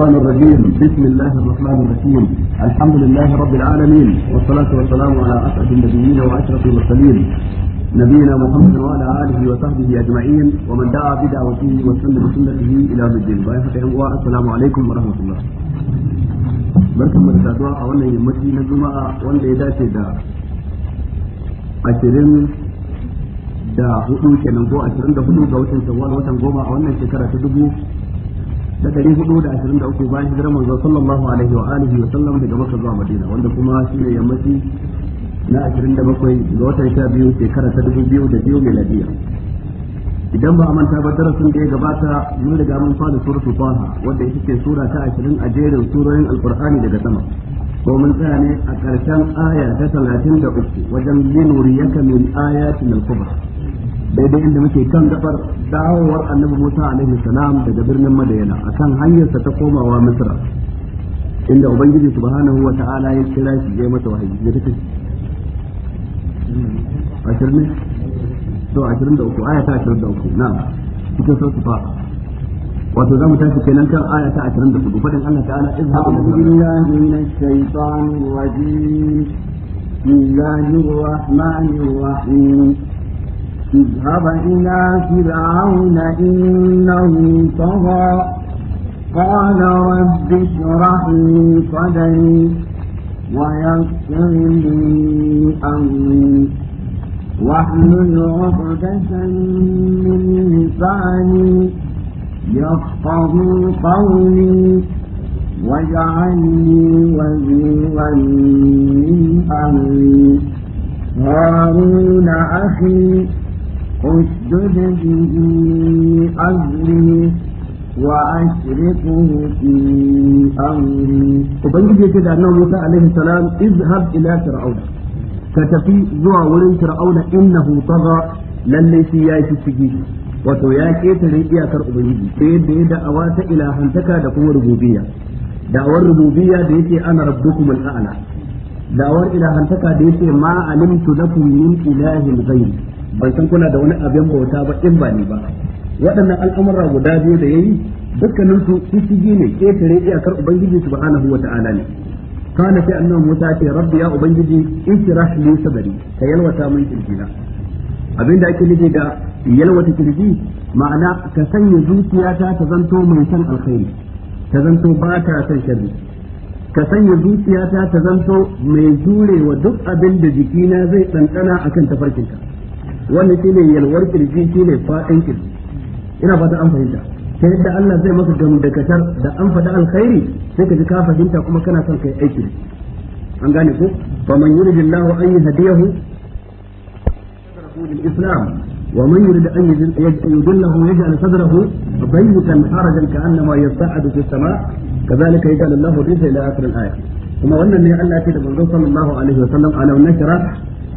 الشيطان الرجيم بسم الله الرحمن الرحيم الحمد لله رب العالمين والصلاة والسلام على أسعد النبيين وأشرف المرسلين نبينا محمد وعلى آله وصحبه أجمعين ومن دعا بدعوته وسن بسنته إلى يوم الدين السلام عليكم ورحمة الله بركم mu da a يمتي نجمع na إذا سيدا ya dace da ashirin da hudu kenan ko ashirin da hudu ga watan shawwal watan goma a wannan shekara ta dubu da dari hudu da ashirin da uku bayan hijirar manzo sallallahu alaihi wa alihi wa sallam daga Makka zuwa Madina wanda kuma shi ne yammaci na ashirin da bakwai ga watan sha biyu shekara ta dubu biyu da biyu miladiya idan ba a manta ba darasin da ya gabata mun riga mun fara suratul Taha wanda ita ce sura ta ashirin a jerin surorin Alqur'ani daga sama ko mun tsaya ne a ƙarshen aya ta talatin da uku wajen linuriyaka min ayatin al-kubra daidai inda muke kan gabar dawowar annabi Musa alaihi salam daga birnin Madayana akan hanyarsa ta komawa Misra inda ubangiji subhanahu wa ta'ala ya kira shi ya masa wahayi ya tafi? ashirin to ashirin da uku aya ta ashirin da uku na'am cikin sautu fa wato zamu tashi kenan kan aya ta ashirin da hudu fadin Allah ta'ala izhabu billahi minash shaitanir rajim بسم الله الرحمن الرحيم اذهب إلى فرعون إنه طغى قال رب اشرح لي صدري ويسر لي أمري واحلل عقدة من لساني يفقه قولي واجعلني وزيرا من أمري هارون أخي اشدد به أزري وأشركه في أمري وبنجد كده أنه موسى عليه السلام اذهب إلى فرعون كتفي زوى ورن فرعون إنه طغى للي سياسي سجيه wato ya ketare iyakar ubangiji sai da ya da'awa ta ilahantaka da kuma rububiyya da'awar rububiyya da yake ana rabbukum al'ala da'awar ilahantaka da yake ma alimtu lakum min ilahin ghayri ban san kuna da wani abin bauta ba in ba ni ba waɗannan al'amura guda biyu da yayi dukkanin su shishigi ne ketare iyakar ubangiji subhanahu wa ta'ala ne kana sai annabi Musa ce rabbi ya ubangiji ishrah li sadri ka yalwata min kirjina abinda ake nufi da yalwata kirji ma'ana ka sanya zuciyata ta zanto mai san alkhairi ta zanto ba ta san sharri ka sanya zuciyata ta zanto mai jure wa duk abin da jikina zai tsantsana akan tafarkinka wannan shi ne yalwar kirji ne faɗin kirji ina fata an fahimta ta yadda Allah zai maka gamu da kashar da an faɗi alkhairi sai ka ji ka fahimta kuma kana son kai aiki an gane ko fa man yuridillahu an yahdiyahu lil islam wa man yurid an yudillahu yaj'al sadrahu baytan harajan ka'annama yas'adu fis sama' kadhalika yaj'al Allahu rizqa ila akhir al-ayah kuma wannan ne Allah ya ce da manzon sallallahu alaihi wasallam alam nakra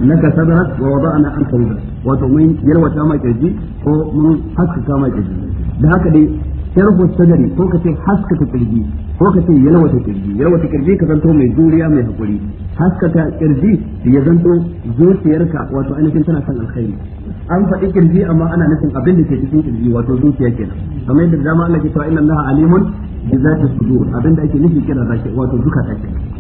laka sadrak wa ana anka wizrak wato mun yalwata ma kirji ko mun haskaka ma kirji da haka dai sharhu sadari ko kace haskaka kirji ko kace yalwata kirji yalwata kirji ka zanto mai juriya mai hakuri haskaka kirji ya zanto zuciyarka wato ainihin tana san alkhairi an faɗi kirji amma ana nufin abin da ke cikin kirji wato zuciya kenan kamar yadda dama Allah ke cewa inna Allah alimun bi zati sudur abin da ake nufi kira zaki wato zukata kenan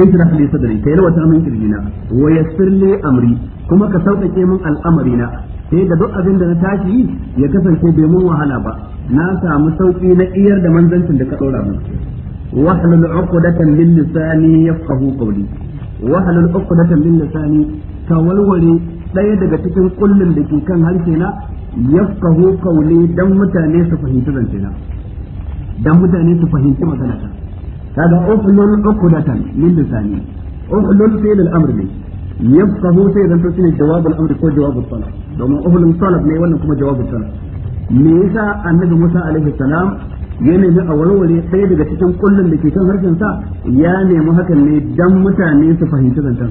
ijrah li sadri kai lawata min kirjina wa yassir li amri kuma ka sauƙaƙe min al'amarina sai da duk abin da na tashi ya kasance bai mun wahala ba na samu sauƙi na iyar da manzancin da ka ɗora min wahlul uqdatan min lisani yafqahu qawli wahlul uqdatan min lisani ka walware ɗaya daga cikin ƙullin da ke kan harshe na yafqahu qawli dan mutane su fahimci zance na dan mutane su fahimci magana ta kaga uhlul uqdatan min lisani uhlul fi'l al-amr ne yafqahu sai dan tsine jawab al-amr ko jawab al-talab domin uhlul talab ne wannan kuma jawab al me yasa annabi Musa alaihi ya a warware ɗaya daga cikin kullun da ke kan harshen sa ya nemi hakan ne dan mutane su fahimci zancen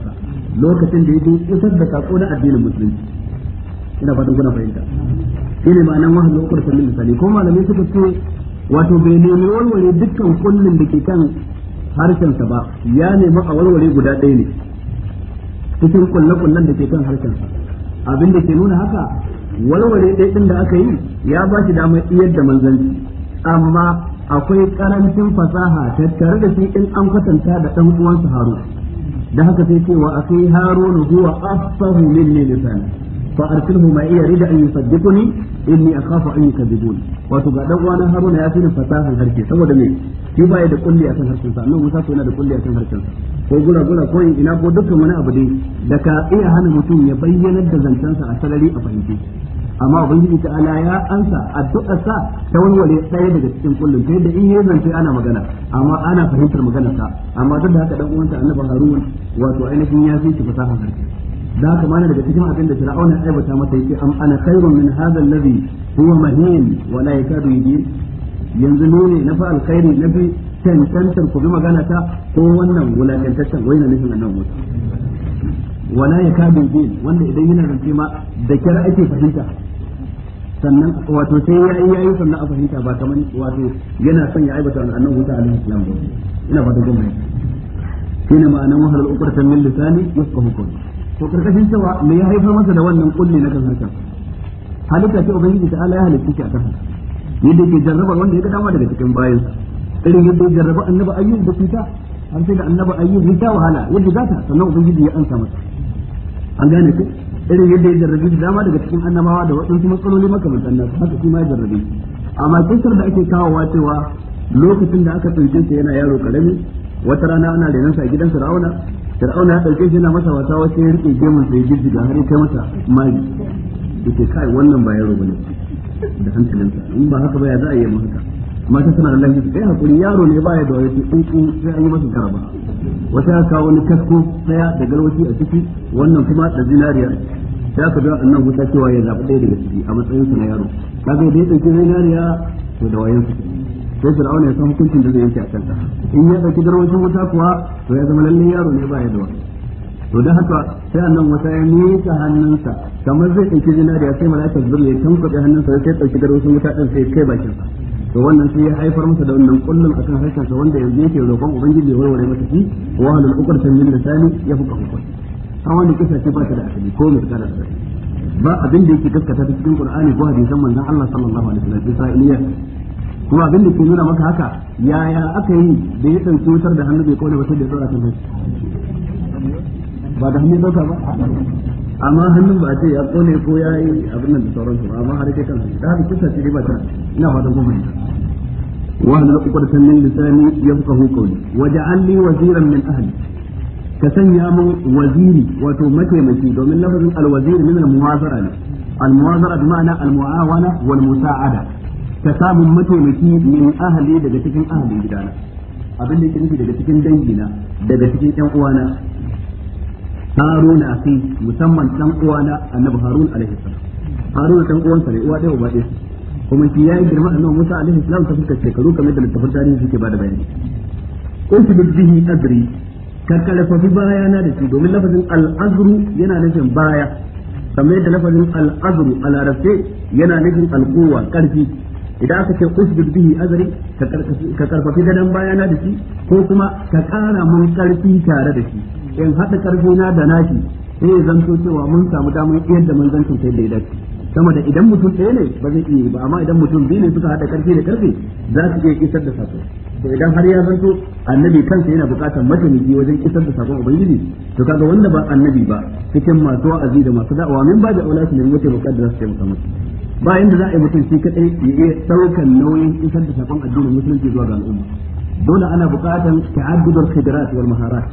lokacin da yake isar da sako na addinin musulunci ina fatan kuna fahimta shine ma'anan wahalu ukurta min ko malamai suka ce wato bai nemi warware dukkan kullun da ke kan harshensa ba ya nemi a warware guda ɗaya ne cikin kulle-kullen da ke kan harshensa abin da ke nuna haka warware ɗaya ɗin da aka yi ya ba shi damar iyar da manzanci amma akwai ƙarancin fasaha tattare da shi in an kwatanta da ɗan uwansa haru da haka sai cewa Haru na zuwa asahu min lisani fa arsilhu ma iya rida an yusaddiquni inni akhafu an yukadzibun wato ga dan uwana Haruna ya fi fasahar harke saboda me shi baya da kulli a kan harshen sa Musa ko yana da kulli a kan harshen sa ko gura gura ko ina ko dukkan wani abu dai da ka iya hana mutum ya bayyanar da sa a sarari a fahimci. amma ubangiji ta ala ya ansa addu'a sa ta walwale ɗaya daga cikin kullun sai da in yi zance ana magana amma ana fahimtar magana sa amma duk da haka dan uwanta annabi Harun wato ainihin ya fi shi fasahar harshe da haka mana daga cikin abin da fir'auna ya aibata masa yake am ana khairun min hadha alladhi huwa mahin wa la yakadu yubin yanzu ne na fa alkhairi na bi tantantar ku bi magana ta ko wannan wulakantaccen wai na nufin annabi Musa wala ya yakadu yubin wanda idan yana zance ma da kira ake fahimta sannan wato sai ya yi yayin sannan a fahimta ba kamar wato yana son ya aibata annabi Musa alaihi salam ina fata gumma shine ma'anar wahalar ukurtan min lisani yafqahu qawli to karkashin cewa me ya haifar masa da wannan kulli na kan harkar halitta ce ubangiji ta Allah ya halitta shi a kan yadda ke jarrabar wanda ya ga dama daga cikin bayan irin yadda ya jarraba annabi ayyub da fita har sai da annabi ayyub ya sha wahala yadda za ta sannan ubangiji ya ansa masa an gane ku irin yadda ya jarrabe da dama daga cikin annabawa da waɗansu matsaloli makamantan nasu haka shi ma ya jarrabe amma kisar da ake kawowa cewa lokacin da aka tsinke ta yana yaro karami wata rana ana renon sa a gidan rauna. fir'auna ya dauke shi yana masa wata wace ya rike gemun sai jijjiga har hari kai masa mari yake kai wannan ba yaro bane da hankalinsa in ba haka baya za a yi haka mata suna da lafiya kai hakuri yaro ne baya da wani tsuntsu sai an yi masa garba wata ya kawo wani kasko daya da galwaci a ciki wannan kuma da zinariya sai aka ga annan wuta cewa ya zaɓi ɗaya daga ciki a matsayin sa na yaro kaga da ya ɗauki zinariya to da wayan su sai fir'auna ya san hukuncin da zai yanke a kanta in ya dauki garwacin wuta kuwa to ya zama lalle yaro ne ba ya da to da haka sai annan wata ya mika hannunsa kamar zai dauki zinariya sai malaka zubur ya tankaɗe hannunsa sai dauki garwacin wuta din sai kai bakin sa to wannan sai ya haifar masa da wannan kullum akan harshen sa wanda yanzu yake roƙon ubangiji ya warware masa shi wa halul uqratan min lisani ya fuka hukun an wani kisa ce ba ta da asali ko mai tsara da ba abin da yake gaskata ta cikin qur'ani ko hadisan manzon Allah sallallahu alaihi wasallam sai kuma abin da ke nuna maka haka yaya aka yi da ya ɗauki wutar da hannu bai kone ba sai da kan ba da hannu ɗauka ba amma hannun ba a ce ya kone ko ya yi abin nan da sauransu ba amma har kai kan da haka kisa ce ba ta ina da kuma واهل عقدة من لساني يفقه قولي وجعل لي وزيرا من اهلي كسن يا من وزيري وتو متيمتي دومين لفظ الوزير من الموازرة الموازرة بمعنى المعاونة والمساعدة ka samun mataimaki min ahali daga cikin ahalin gidana abin da yake nufi daga cikin dangina daga cikin yan uwana haruna fi musamman ɗan uwana annabi harun alaihi salam haruna dan uwansa ne uwa ɗaya uba ɗaya kuma shi yayi girma annabi musa alaihi salam ta fuskar shekaru kamar da littafin tarihi suke bada bayani usbid bihi azri ka baya bayana da shi domin lafazin al'azru yana nufin baya kamar da lafazin al'azru a larabce yana nufin al'uwa karfi idan aka ce usbid bihi azri ka karfafi gadon bayana da shi ko kuma ka kara mun karfi tare da shi in haɗa na da nashi sai zanto cewa mun samu damar yadda manzancin sai da idan dace sama da idan mutum ɗaya ne ba zai iya ba amma idan mutum biyu ne suka haɗa karfi da karfi za su iya isar da sako to idan har ya zanto annabi kansa yana buƙatar mataimaki wajen isar da sakon ubangiji to kaga wanda ba annabi ba cikin masu wa'azi da masu da'awa min ba da aula na ne mutum buƙatar da su taimaka musu ba inda za a yi mutum shi kadai ya iya daukan nauyin isar da sakon addinin musulunci zuwa ga al'umma dole ana buƙatan ta'addudul khidrat wal maharat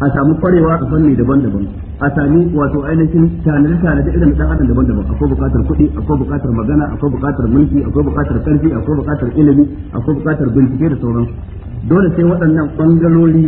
a samu kwarewa a fanni daban-daban a sami wato ainihin tanadi tanadi irin dan adam daban-daban akwai buƙatar kuɗi akwai buƙatar magana akwai buƙatar mulki akwai buƙatar ƙarfi akwai buƙatar ilimi akwai buƙatar bincike da sauransu dole sai waɗannan bangalori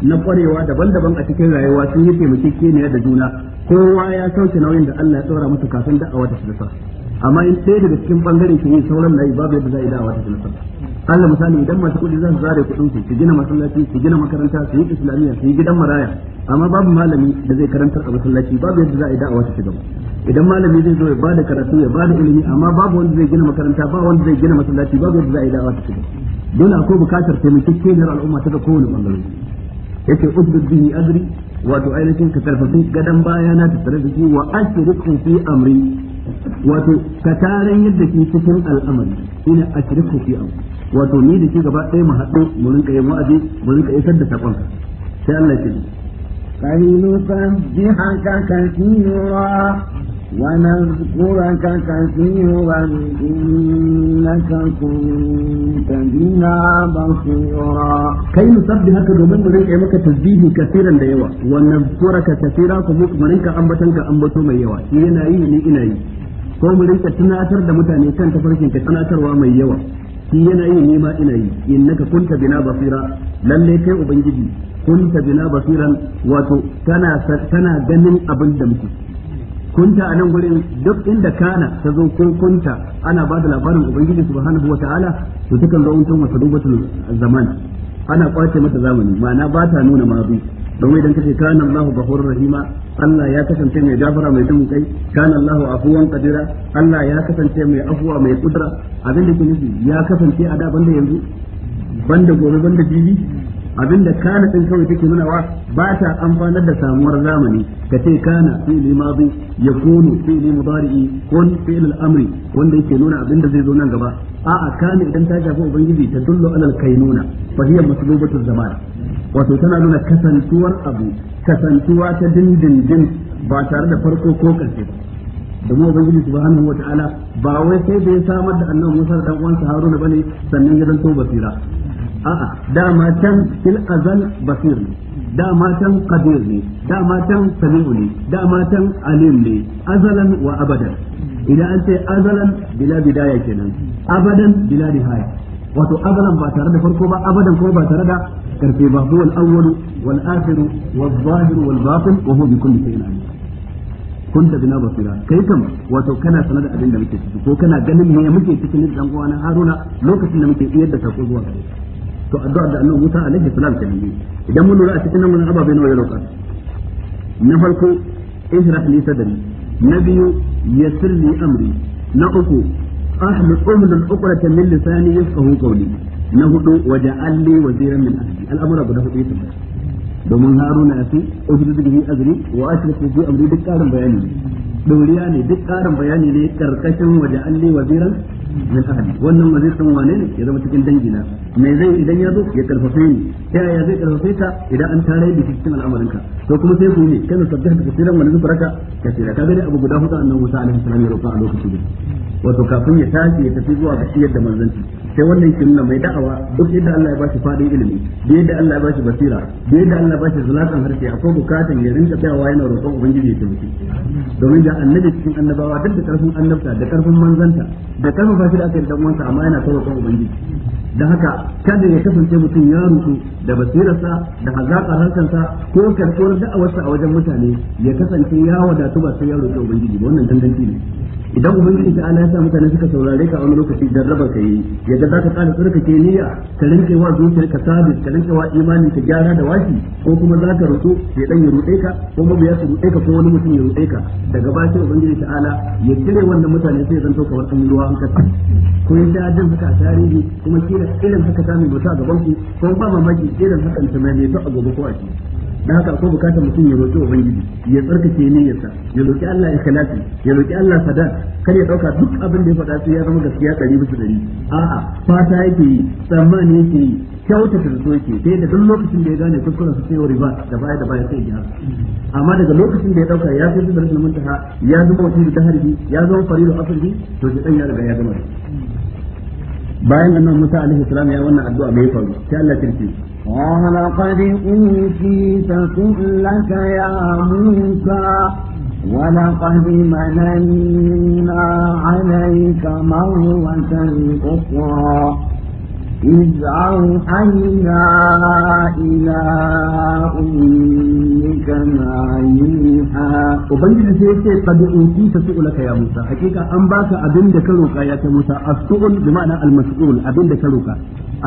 na kwarewa daban-daban a cikin rayuwa sun yi taimakekeniya da juna kowa ya sauke nauyin da Allah ya tsora masa kafin da'awa ta shi amma in ɗaya daga cikin bangaren shi yin sauran na yi babu yadda za a yi dawa ta nasara Allah misali idan masu kuɗi za su zare kuɗin su su gina masallaci su gina makaranta su yi islamiyya su yi gidan maraya amma babu malami da zai karantar a masallaci babu yadda za a yi dawa ta gaba idan malami zai zo ya ba da karatu ya ba da ilimi amma babu wanda zai gina makaranta ba wanda zai gina masallaci babu yadda za a yi dawa ta gaba dole akwai bukatar taimakekeniyar al'umma ta ga kowane bangare yake usbud bihi azri wato ainihin ka karfafi gadan baya na tattare da shi wa ashriku fi amri wato ka taran yadda ke cikin al'amari ina a ashriku fi am wato ni da shi gaba ɗaya mu haɗu mu rinka yin wa'azi mu rinka isar da saƙon sai Allah ya ce kai nusabbihanka kathira ونذكرك كثيرا إنك كنت بنا بصيرا كي نسبحك دومين مرين عمك تسبيه كثيرا ليوا ونذكرك كثيرا كموك مرينك أنبتنك أنبتو ميوا إينا إيني إينا ko mu rinka tunatar da mutane kan tafarkin ka tunatarwa mai yawa shi yana yi ni ma ina yi innaka kunta bina basira lalle kai ubangiji kunta bina basiran wato kana kana ganin abin da muke kunta a nan gurin duk inda kana ta zo ko kunta ana ba da labarin ubangiji subhanahu wa ta'ala to takan zo wata rubatul zaman ana kwace mata zamani ma'ana ba ta nuna mazu don idan kace kana Allahu ghafurur rahima Allah ya kasance mai gafara mai dun kai kana Allahu afuwan qadira Allah ya kasance mai afuwa mai kudura abin da ke nufi ya kasance a da banda yanzu banda gobe banda jibi Abin da kana din kawai take nuna wa ba ta amfanar da samuwar zamani ka ce kana fi'li madi yakunu fi'li mudari'i ko fi'l al-amri wanda yake nuna abin da zai zo nan gaba a'a kana idan ta shafi ubangiji ta dullu alal kainuna fa hiya maslubatu zaman wato tana nuna kasantuwar abu kasantuwa ta dindindin ba tare da farko ko karshe ba domin ubangiji subhanahu wa ta'ala ba wai sai da ya samar da annabi Musa da dan uwansa Haruna bane sannan ya zanto basira a'a dama can fil azal basir ne dama can qadir ne dama can sami'u ne dama can alim ne azalan wa abadan idan an ce azalan bila bidaya kenan abadan bila nihaya wato azalan ba tare da farko ba abadan kuma ba tare da karfe ba huwa al-awwal wal akhir wal zahir wal batin wa huwa bi kulli shay'in alim kunta bina basira kai kam wato kana sanar da abin da muke ciki ko kana ganin me muke cikin dan uwana haruna lokacin da muke iyar da sako zuwa gare ka to addu'a da annabi Musa alaihi salam ta yi idan mun lura a cikin nan mun ababai nawa ya roƙa na farko ihrah li sadri na biyu yassir li amri na uku ahmad umlan uqrata min lisani yafqahu qawli na hudu waja'al li waziran min ahli al'amura guda hudu yake domin haruna ya fi ujudu bihi azri wa ko bi amri duk karin bayani ne dauriya ne duk karin bayani ne karkashin waja'al li waziran wannan ba zai san wane ne ya zama cikin dangina me zai idan ya zo ya karfafe ni ta yaya zai karfafe ka idan an tare da cikin al'amarinka to kuma sai ku ne kana sabbiha da wani zubaraka. Ka kasira ka gani abu guda hudu annabi Musa alaihi salam ya roƙa a lokacin wato kafin ya tashi ya tafi zuwa ga shiyar da manzanci sai wannan kin mai da'awa duk yadda Allah ya bashi fadin ilimi da yadda Allah ya bashi basira da yadda Allah ya bashi zulatan harshe akwai bukatan ya rinka tsayawa yana roƙon ubangiji ya tafi. domin da annabi cikin annabawa duk da karfin annabta da karfin manzanta da karfin fashi da aka yi dan amma yana ta roƙon ubangiji da haka kada ya kasance mutum ya rutu da basirarsa da hazaƙar harkarsa ko karɓar da'awarsa a wajen mutane ya kasance ya wadatu ba sai ya roƙi ubangiji ba wannan danganci ne idan ubangiji ta ala ya sa mutane suka saurare ka a wani lokaci jarrabar ka yi ya yadda za ka tsarka ke niyya ka rinke wa zuciyar ka sabis ka rinke wa imani ka gyara da wafi ko kuma za ka rutu ya dan ya ruɗe ka ko mabiya su rute ka ko wani mutum ya ruɗe ka daga bashi ubangiji ta'ala ya cire wannan mutane sai ya zanto kamar an ruwa an kasa ko ya sha haka a tarihi kuma kira irin haka mai mutu a gaban ku ko ba mamaki irin haka ta mai mai a gobe ko a ciki da haka akwai bukatar mutum ya roƙi ubangiji ya tsarkake niyyarsa ya roƙi Allah ikhlasi ya roƙi Allah sadaq kar ya dauka duk abin da ya faɗa sai ya zama gaskiya ɗari bisa ɗari a'a fata yake yi tsammani yake yi kyautata da zo yake sai da duk lokacin da ya gane kuskuren su sai ya riba da baya da baya sai ya amma daga lokacin da ya dauka ya fi da rashin muntaha ya zama wajen da harbi ya zama faridu asali to shi dan ya riga ya gama bayan annabi Musa alaihi salam ya wannan addu'a mai faru sai Allah ya قال قد أوتيت سؤلك يا موسى ولقد مننا عليك مرة أخرى إذ أوحينا إلى أمك ما يوحى وبنجد سيكي قد أوتيت سؤلك يا موسى حقيقة أنباك أبن دكروك يا موسى السؤل بمعنى المسؤول أبن دكروك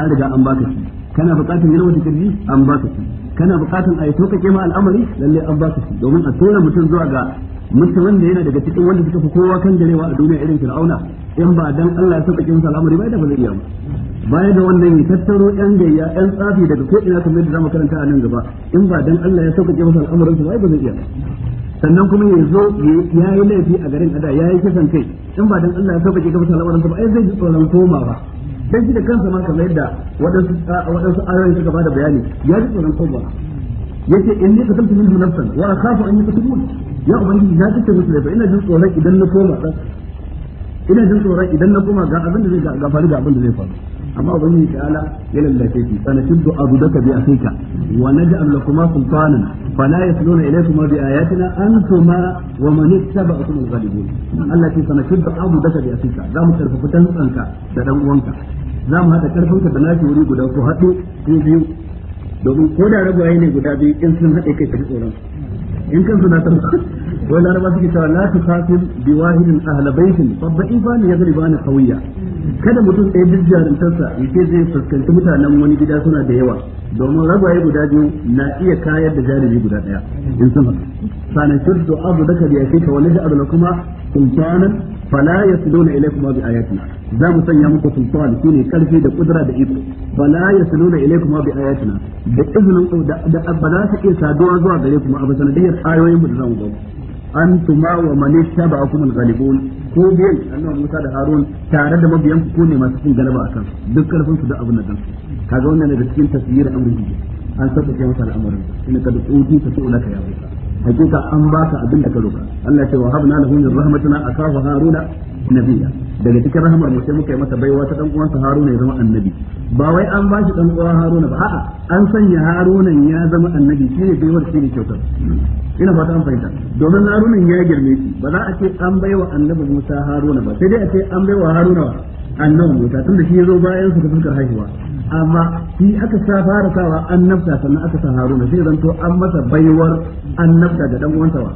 أرجع أنباك شيء كان بقاتا يلوى تكرجي أنباك شيء كان بقاتا أيتوك كما الأمر للي أنباك شيء ومن أسولة متنزوع mutumin da yana daga cikin wanda suka fi kowa kan jarewa a duniya irin fir'auna in ba dan Allah ya sauƙaƙe musu al'amari ba da ba zai iya ba baya ga wannan ya tattaro yan gayya yan tsafi daga ko ina kamar da zamu karanta a nan gaba in ba dan Allah ya sauƙaƙe masa al'amuran su ba zai iya sannan kuma ya zo ya yi laifi a garin ada ya yi kisan kai in ba dan Allah ya sauƙaƙe masa al'amuran su ba ai zai ji tsoron koma ba dan shi da kansa ma kamar yadda waɗansu waɗansu ayoyi suka bada bayani ya ji tsoron koma yace in ne ka tantu min nafsan wa akhafu an yakutubun ya ubangiji na tattace musu laifi ina jin tsoron idan na koma ina jin tsoron idan na koma ga abin da zai ga faru ga abin da zai faru amma ubangiji ta'ala ya lallace ki sanashuddu abudaka bi akika wa naj'al lakuma sultanan fala yasluna ilaykuma bi ayatina antuma wa man ittaba'akum al-ghalibun Allah ce sanashuddu abudaka bi akika za mu karfafa dantsanka da dan uwanka za mu hada karfinka da nafi wuri guda ku hadu ku biyu domin ko da ragwaye ne guda biyu in sun haɗe kai ka ji tsoron in kansu na tarsa wai laraba suke cewa la tusafi bi wahidin ahla baitin fa da'ifa ne ya gari bani qawiyya kada mutum ɗaya duk jarumtarsa ya ce zai fuskanci mutanen wani gida suna da yawa domin ragwaye guda biyu na iya kayar da jarumi guda ɗaya in sama shi da abu biya da ka wani abu da kuma sultanan fala ilai kuma bi ayatina za mu sanya muku sultan ne karfi da kudura da iko fala yasluna ilaykum bi ayatina da izinin da ba za su iya saduwa zuwa gare kuma a ba sanadiyar ayoyin mu da zamu gaba An tuma wa man ittaba'akum al-ghalibun ko biyan annabi Musa da Harun tare da mabiyan ku ne masu cin galaba akan duk karfin su da abin nan kaga wannan ne da cikin tafsir amrin an saka ke masa al'amarin in ka da tsoji ta so laka ya Musa hakika an baka abin da ka roka Allah ce wa habna lahu min rahmatina akahu haruna nabiyya daga cikin rahmar mu sai muka yi masa baiwa ta dan sa haruna ya zama annabi ba wai an ba shi dan uwa haruna ba a'a an sanya haruna ya zama annabi shi ne baiwar shi ne kyautar ina fata an fahimta domin haruna ya girme shi ba za a ce an baiwa annabi Musa haruna ba sai dai a ce an baiwa haruna annabi Musa da shi ya zo bayan su ta fuskar haihuwa amma shi aka sa fara sawa annabta sannan aka sa haruna shi zanto an masa baiwar annabta ga dan uwansa wa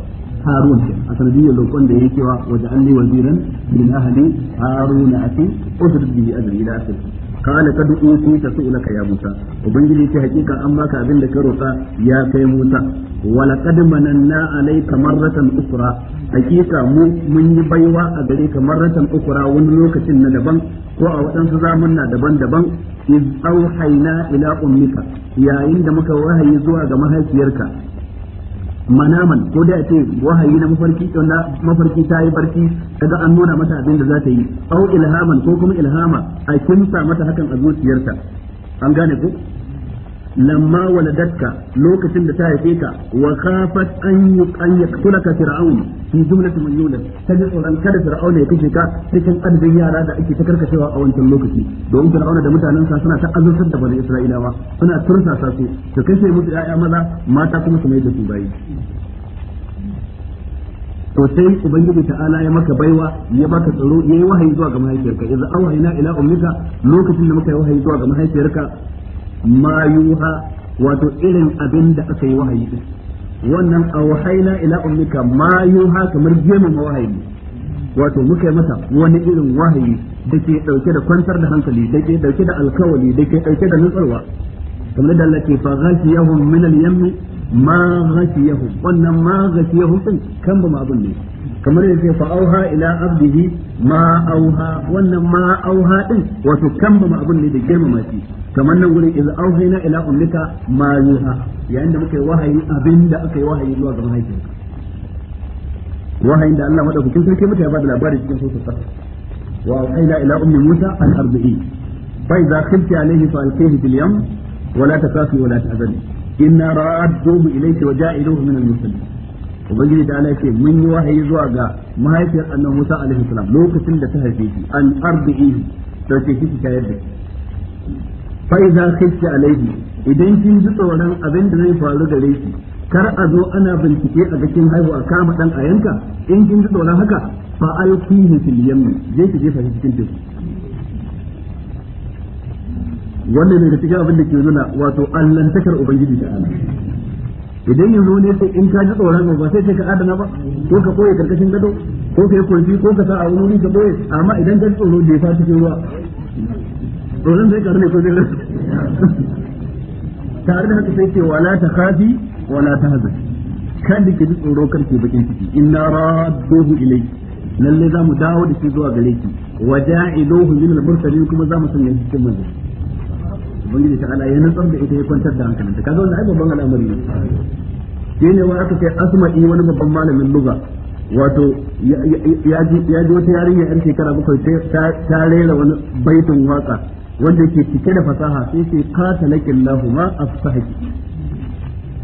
harun ke a sanadiyyar lokon da yake wa waje an ne waziran min ahali haruna ati usrid bihi azri da asiri qala qad utita su'laka ya Musa ubangiji ce hakika an maka abin da ka roka ya kai Musa wa laqad mananna alayka marratan ukra hakika mu mun yi baiwa a gare kamar ratan ukra wani lokacin na daban ko a waɗansu zamanna daban-daban iz auhayna ila ummika yayin da muka wahayi zuwa ga mahaifiyarka manaman ko da ce wahayi na mafarki wanda mafarki ta yi barci kaga an nuna mata abin da za ta yi au ilhaman ko kuma ilhama a kimsa mata hakan a zuciyarta an gane ku lamma waladatka lokacin da ta haife ka wa khafat an yuqan yaqtulaka fir'aun fi jumlatin min yulad ta ji tsoron kada fir'auna ya kashe ka cikin adadin yara da ake ta karkashewa a wancan lokaci domin fir'auna da mutanensa suna ta azurtar da bani isra'ilawa suna tursasa su su kashe musu ya'ya maza mata kuma su mai da su bayi to sai ubangiji ta'ala ya maka baiwa ya baka tsaro yayi wahayi zuwa ga mahaifiyarka idza awhayna ila ummika lokacin da muka yi wahayi zuwa ga mahaifiyarka ma yuha wato irin abin da aka yi wahayi din wannan auhayna ila ummika ma yuha kamar jemin wahayi wato muka yi masa wani irin wahayi da ke dauke da kwantar da hankali da ke dauke da alkawali da ke dauke da nutsarwa kamar da Allah ke fa ghashiyahum min al-yammi ma ghashiyahum wannan ma ghashiyahum din kan ba ma abun ne kamar yace fa auha ila abdihi ma auha wannan ma auha din wato kambama abun ne da girmama shi kamar nan gurin iz auhayna ila ummika ma yuha yayin da muka yi wahayi abinda aka yi wahayi zuwa ga mahaifinka wahayin da Allah madaukakin sarki mutu ya bada labari cikin sosai sa wa auhayna ila ummi musa an arbi'i fa idza khifti alayhi fa alqihi fil yam wa la takafi wa la tahzani inna radduhu ilayki wa ja'iluhu min al-muslimin ubangiji da Allah ce mun yi wahayi zuwa ga mahaifiyar annabi Musa alaihi salam lokacin da ta haife shi an arbi'i dauke shi ki shayar da shi fa idza khifti alaihi idan kin ji tsoron abin da zai faru gare shi kar a zo ana bincike a cikin haihu a kama dan a yanka in kin ji tsoron haka fa alqihi fil yammi je ki jefa shi cikin teku wannan ne da cikin abin da ke nuna wato allantakar ubangiji da Allah idan yanzu wani sai in ka ji tsoron ba sai ka adana ba ko ka koye karkashin gado ko ka yi kurfi ko ka sa a wuri ka koye amma idan ka tsoro da ya fa cikin ruwa tsoron zai karu ne ko zai rasu tare da haka sai ke wala ta kafi wala ta hazar kan da ke ji tsoro karke bakin ciki inna radduhu ilai lalle za mu dawo da shi zuwa gare ki wa ja'iluhu min al-mursalin kuma za mu sanya shi cikin manzanni ubangiji ta ala ya nutsar da ita ya kwantar da hankalinta kaga wannan ai babban al'amari ne shine wa aka ce asma'i wani babban malamin lugha wato ya ji wata yarinya yan shekara bakwai ta rera wani baitin waka wanda ke cike da fasaha sai sai kata ce katalakin lahuma as-sahiki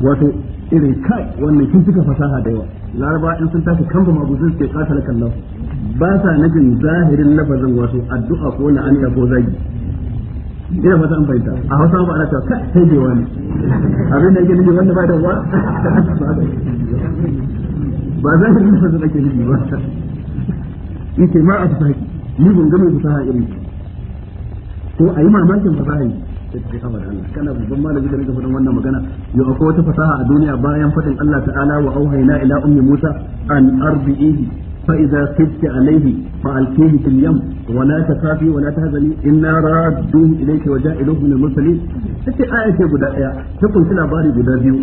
wato irin kai wannan kin cika fasaha da yawa laraba in sun tafi kan ba mabuzin ke katalakin lahu ba sa nagin zahirin lafazin wato addu'a ko la'ani ko zagi ina fata an fahimta a hausa ba ana cewa ka sai bai wani abin da yake nufi wanda ba da wa ba za ka yi fasa da ke nufi ba ce ma a fasa haƙi ni ban gano fasa iri ko a yi mamakin fasa haƙi sai ka fara Allah kana babban malami da rika faɗin wannan magana yau akwai wata fasaha a duniya bayan faɗin Allah ta'ala wa auhayna ila ummi Musa an arbi'ihi فإذا خفت عليه فألقيه في اليم ولا تخافي ولا تهزني إنا رادوه إليك وجائلوه من المرسلين تتي آية غدا يا تكون سلا باري غدا بيو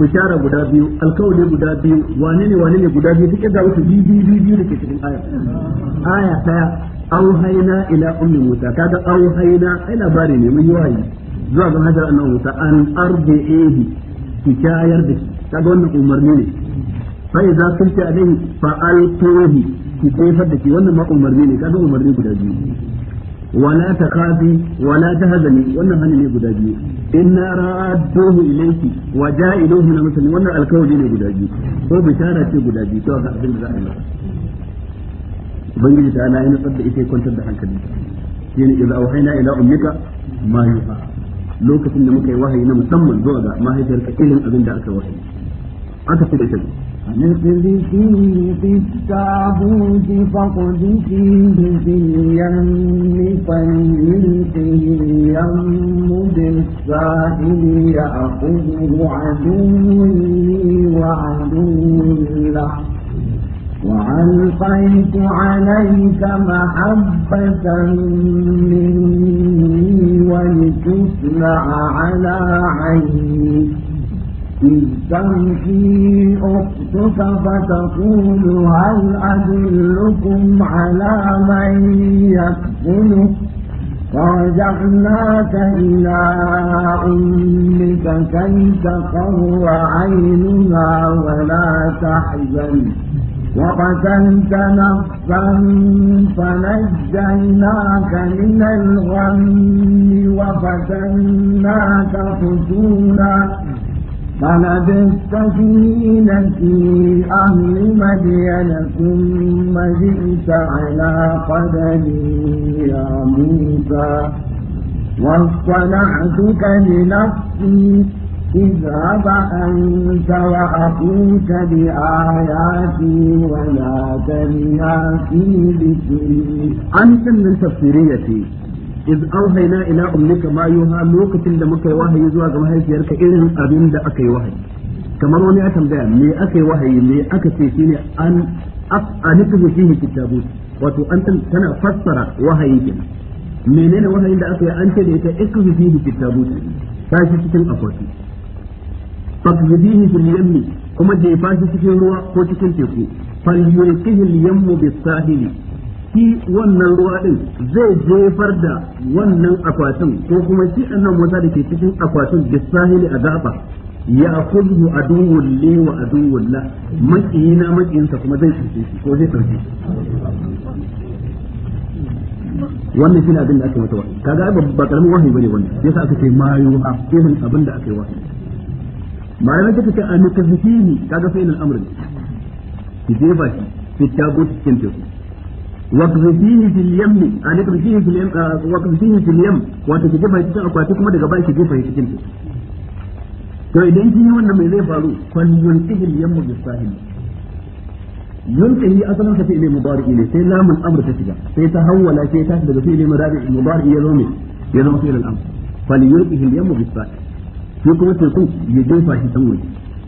بشارة غدا بيو القول غدا بيو وانيني وانيني غدا بيو تكي دعوة بي بي بي بي لكي تكون آية آية تايا أوهينا إلى أم موسى كذا أوهينا إلى باري من يوهي زوجة هجر أنه موسى أن أرجعيه ki shayar da shi kaga wannan umarni ne sai za sun ce alaihi fa alquhi ki jefar da shi wannan ma umarni ne kaga umarni guda biyu wala takhafi wala tahzani wannan hanin ne guda biyu inna ra'aduhu ilayki wa ja'iluhu na musulmi wannan alkawari ne guda biyu ko bishara ce guda biyu to ga abin da za a yi ubangiji ta yi yana tsada ita kwantar da hankali shine idza auhayna ila ummika ma yuha lokacin da muka yi wahayi na musamman zuwa ga mahaifiyarka irin abin da aka wahayi aka fi da اقذفيه في التابوت فاقذفيه في اليم فليلقه اليم بالساحل يأخذه عدو لي وعدو له وألقيت عليك محبة مني ولتصنع على عيني إذ أختك فتقول هل أدلكم على من يكفله فرجعناك إلى أمك كي تقر عينها ولا تحزن وقتلت نفسا فنجيناك من الغم وفتناك فتونا فلبثت سنين في أهل مدين ثم جئت على قدمي يا موسى واصطنعتك لنفسي اذهب أنت وأخوك بآياتي ولا تنيا في ذكري أنت من تفسيريتي iz auhayna ila ummika ma yuha lokacin da muka yi wahayi zuwa ga mahaifiyarka irin abin da aka yi wahayi kamar wani ya tambaya me aka yi wahayi me aka ce shine an anitu fihi kitabu wato an tana fassara wahayi kenan menene wahayin da aka yi an ce da ita ikhu fihi kitabu ta shi cikin akwati fakzibihi fil yammi kuma jefa shi cikin ruwa ko cikin teku fal yulqihi al yammu bis sahili shi wannan ruwa din zai jefar da wannan akwatin ko kuma shi annan Musa da ke cikin akwatin bisahili a gaba ya kulhu aduwwul li wa aduwwul la na makiyinsa kuma zai cuce shi ko zai tsaye wannan shi shine abin da aka mata wahayi kaga ba karamin wahayi bane wannan sai sa aka ce mayu a cikin abin da aka yi wahayi malamai suka ce an tafsiri kaga fa'il al-amr ki jefa shi ki tago cikin teku waqzifihi fil yammi an yakzifihi fil wato cikin akwati kuma daga to idan kin yi wannan me zai faru fal al sahil asalin sa fi'il mudari ne sai lamun amr ta shiga sai ta hawwala sai ta daga fi'il mudari mudari ya zama ya zama fi'il al-amr fal yuntahi al-yammu bis kuma sai ya jefa shi can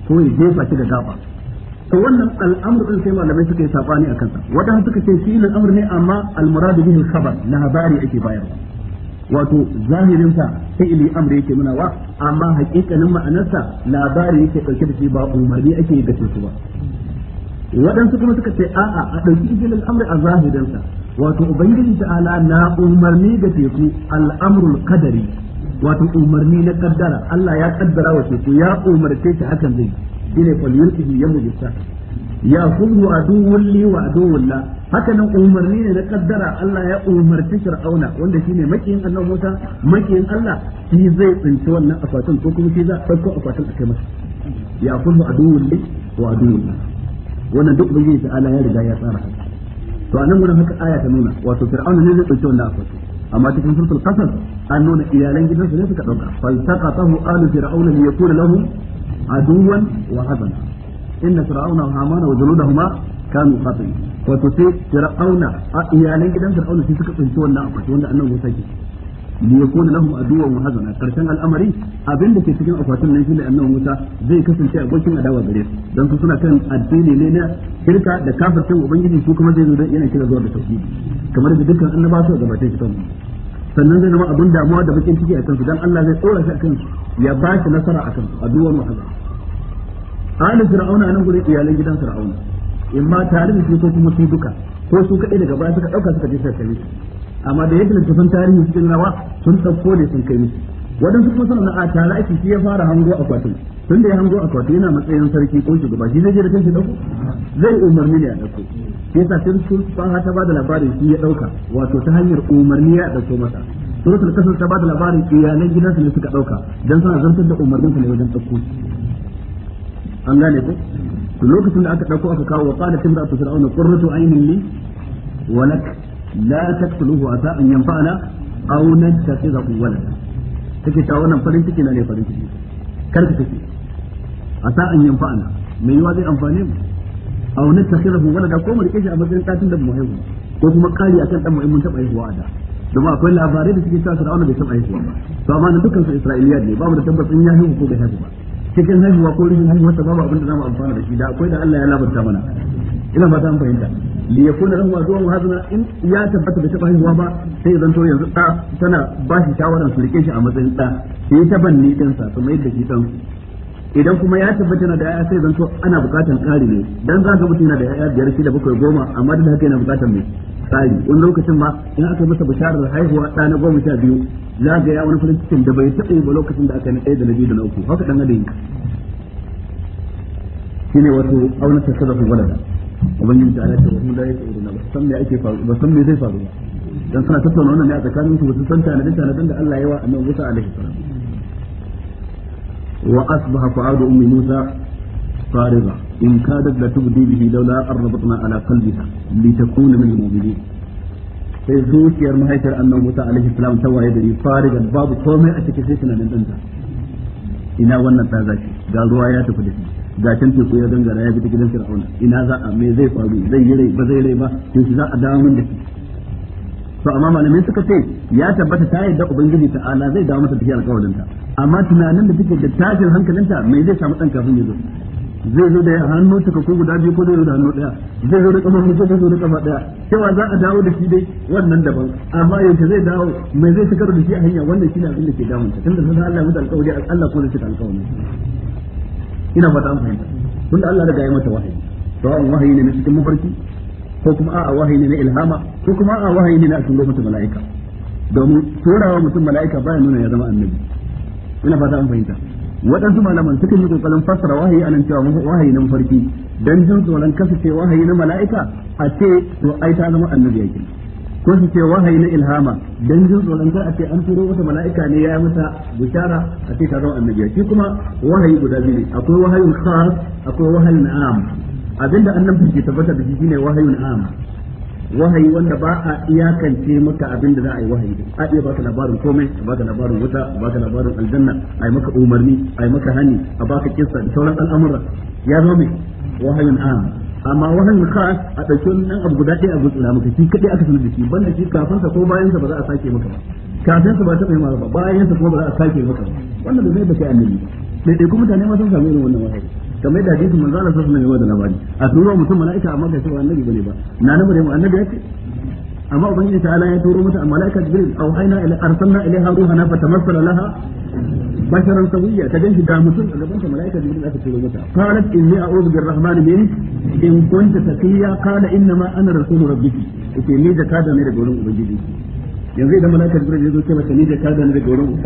ko ya jefa shi da gaba to wannan al'amur din sai malamai suka yi sabani a kansa wadanda suka ce shi al'amur ne amma al-muradu bihi khabar labari ake bayarwa wato zahirin sa ili amri yake nuna wa amma hakikanin ma'anarsa labari yake ɗauke da shi ba umarni ake ga su ba waɗansu kuma suka ce a'a a ɗauki ijil al'amri a zahirinsa wato ubangiji ta'ala na umarni ga teku al'amrul kadari, wato umarni na kaddara Allah ya kaddara wa teku ya umarce shi hakan zai shine falyulkihi yamu bisa ya khudhu aduwwun li wa aduwwun la haka nan umarni ne na kaddara Allah ya umarci Fir'auna wanda shine makiyin Annabi Musa makiyin Allah shi zai tsinci wannan akwatin ko kuma shi za a farko akwatin a kai masa ya khudhu aduwwun li wa aduwwun la wannan duk bai da Allah ya riga ya tsara to anan gurin haka aya ta nuna wato Fir'auna ne zai tsinci wannan akwatin amma cikin suratul qasas an nuna iyalan gidansa ne suka dauka faltaqatahu alu fir'auna liyakuna lahum عدوا وحزنا إن فرعون وهامان وجنودهما كانوا خاطئين وتسيب فرعون إيالين جدا فرعون في سكة سوى النعقة وأن أنه يسجد liyakun lahum aduwwan wa hazana karshen al'amari abin da ke cikin akwatin nan shine annabi Musa zai kasance bakin adawa gare don dan suna kan addini ne na shirka da kafircin ubangiji su kuma zai zo yana kira zuwa da tauhidi kamar da dukkan annabawa su gabatar shi kan sannan zai zama abin damuwa da bakin ciki a kansu dan Allah zai tsora shi a kansu ya ba shi nasara a kansu a duwan wahala ahli fir'auna nan gurin iyalan gidan fir'auna in ma tarihi shi ko kuma su duka ko su kadai daga baya suka dauka suka je suka kai amma da yake littafin tarihi cikin rawa sun dauko ne sun kai musu waɗansu kuma suna a tare ake shi ya fara hango akwatin tun da ya hango akwatin yana matsayin sarki ko shugaba shi zai je da kanshi dauko zai umarni ne a dauko yasa sun sun faha ta bada labarin shi ya dauka wato ta hanyar umarni ya dauko masa suratul kasar ta bada labarin iyalan gidansa ne suka dauka dan suna zartar da umarnin ne wajen dauko an gane ko lokacin da aka dauko aka kawo wa qalat imra'atu fir'auna qurratu aynin li wa lak la taqtuluhu asa an yanfa'ana aw nattakhidhu walada take ta wannan farin ciki na ne farin ciki kar ka take asa an yanfa'ana me yiwa zai amfane mu aw natakhiruhu walada ko mu rike shi a matsayin tatin da mu ko kuma kari akan dan mu mun taba haihuwa da domin akwai labarai da suke sa Fir'auna bai taba haihuwa ba to amma na dukkan su Isra'iliyat ne babu da tabbacin ya haihu ko bai haihu ba cikin haihuwa ko rashin haihuwa ta babu abin da zamu amfana da shi da akwai da Allah ya labarta mana ina ba ta fahimta li yakuna lahu azwan wa hazna in ya tabbata da taba haihuwa ba sai zan to yanzu ta tana ba shi shawaran su rike shi a matsayin da sai ta banni din sa su mai da shi dan idan kuma ya tabbata na da yaya sai zanto ana bukatan ƙari ne dan za ka mutum yana da yaya biyar shida bakwai goma amma da haka yana bukatan mai ƙari wani lokacin ma in aka masa bisharar haihuwa ɗa na goma sha biyu za ga ya wani farin cikin da bai taɓa yi ba lokacin da aka na ɗaya da na biyu da na uku haka ɗan adam shi ne wato auna ta sarrafa gwada ubangiji ta alaƙa wasu da ya tsoro na san me ake faru ba san me zai faru ba dan suna tattauna wannan ne a tsakanin su ba su san tanadin tanadin da Allah ya wa annabi Musa alaihi salam وأصبح فؤاد أم موسى فارغة إن كادت لتبدي به لولا أن ربطنا على قلبها لتكون من المؤمنين sai zuciyar mahaifiyar annabi Musa alaihi salam ta waye da fari da babu komai a cikin sai tunanin danta ina wannan ta zaki ga ruwa ya tafi da shi ga can teku ya gangara ya bi ta gidan Fir'auna ina za a me zai faru zai yi rai ba zai rai ba to shi za a dawo min da shi to amma malamai suka ce ya tabbata ta yadda ubangiji ala zai dawo mata tafiya alƙawarin ta amma tunanin da take da tashin hankalinta mai zai samu dan kafin yazo zai zo da hannu ta ko guda biyu ko zai zo da hannu daya zai zo da kafa ko zai zo da kafa daya cewa za a dawo da shi dai wannan daban amma yanke zai dawo mai zai cikar da shi a hanya wannan ne abin da ke damun ta tunda sun Allah ya mutu alƙawari Allah ko zai cika alƙawari ina fata an fahimta tunda Allah da ya mata wahayi to wahayi ne na cikin mafarki ko kuma a'a wahayi ne na ilhama ko kuma a'a wahayi ne na turo mata mala'ika domin turawa mutum mala'ika baya nuna ya zama annabi ina fata an fahimta waɗansu malaman suka yi kokarin fassara wahayi anan cewa wahayi na mafarki dan jin tsoron kasance wahayi na mala'ika a ce to ai ta zama annabi yake ko su ce wahayi na ilhama dan jin tsoron kar a ce an turo wata mala'ika ne ya yi mata bishara a ce ta zama annabi shi kuma wahayi guda biyu akwai wahayin khas akwai wahayin am abinda annabi ke tabbata da shi shine wahayun am wahayi wanda ba a iyakance maka abinda za a yi wahayi a iya baka labarin komai a baka labarin wuta a baka labarin aljanna a yi maka umarni a yi maka hani a baka kissa da sauran al'amura ya zo mai wahayun am amma wahayin khas a ɗauki wani ɗan abu guda ɗaya a gutsura maka shi kaɗai aka sanar da shi banda shi kafin sa ko bayan sa ba za a sake maka ba kafin sa ba ta bai ba bayan sa kuma ba za a sake maka ba wannan da zai baka annabi ba dai dai kuma mutane ma sun samu irin wannan wahayi kamar da hadisin manzo Allah sallallahu alaihi wasallam ya labari a turo mutum mala'ika amma bai cewa annabi bane ba na na bare mu annabi yake amma ubangiji ta'ala ya turo mata mala'ika jibril au haina ila arsalna ilaiha ruhana fatamassala laha basharan sawiyya ta ganshi da mutum a gaban ta mala'ika jibril aka turo mata qalat inni a'udhu birrahmani min in kunta taqiya qala inna ma ana rasulu rabbiki yake ni da kada ne daga wurin ubangiji yanzu idan malaka jibril ya zo ce mata ni da ka dani daga wurin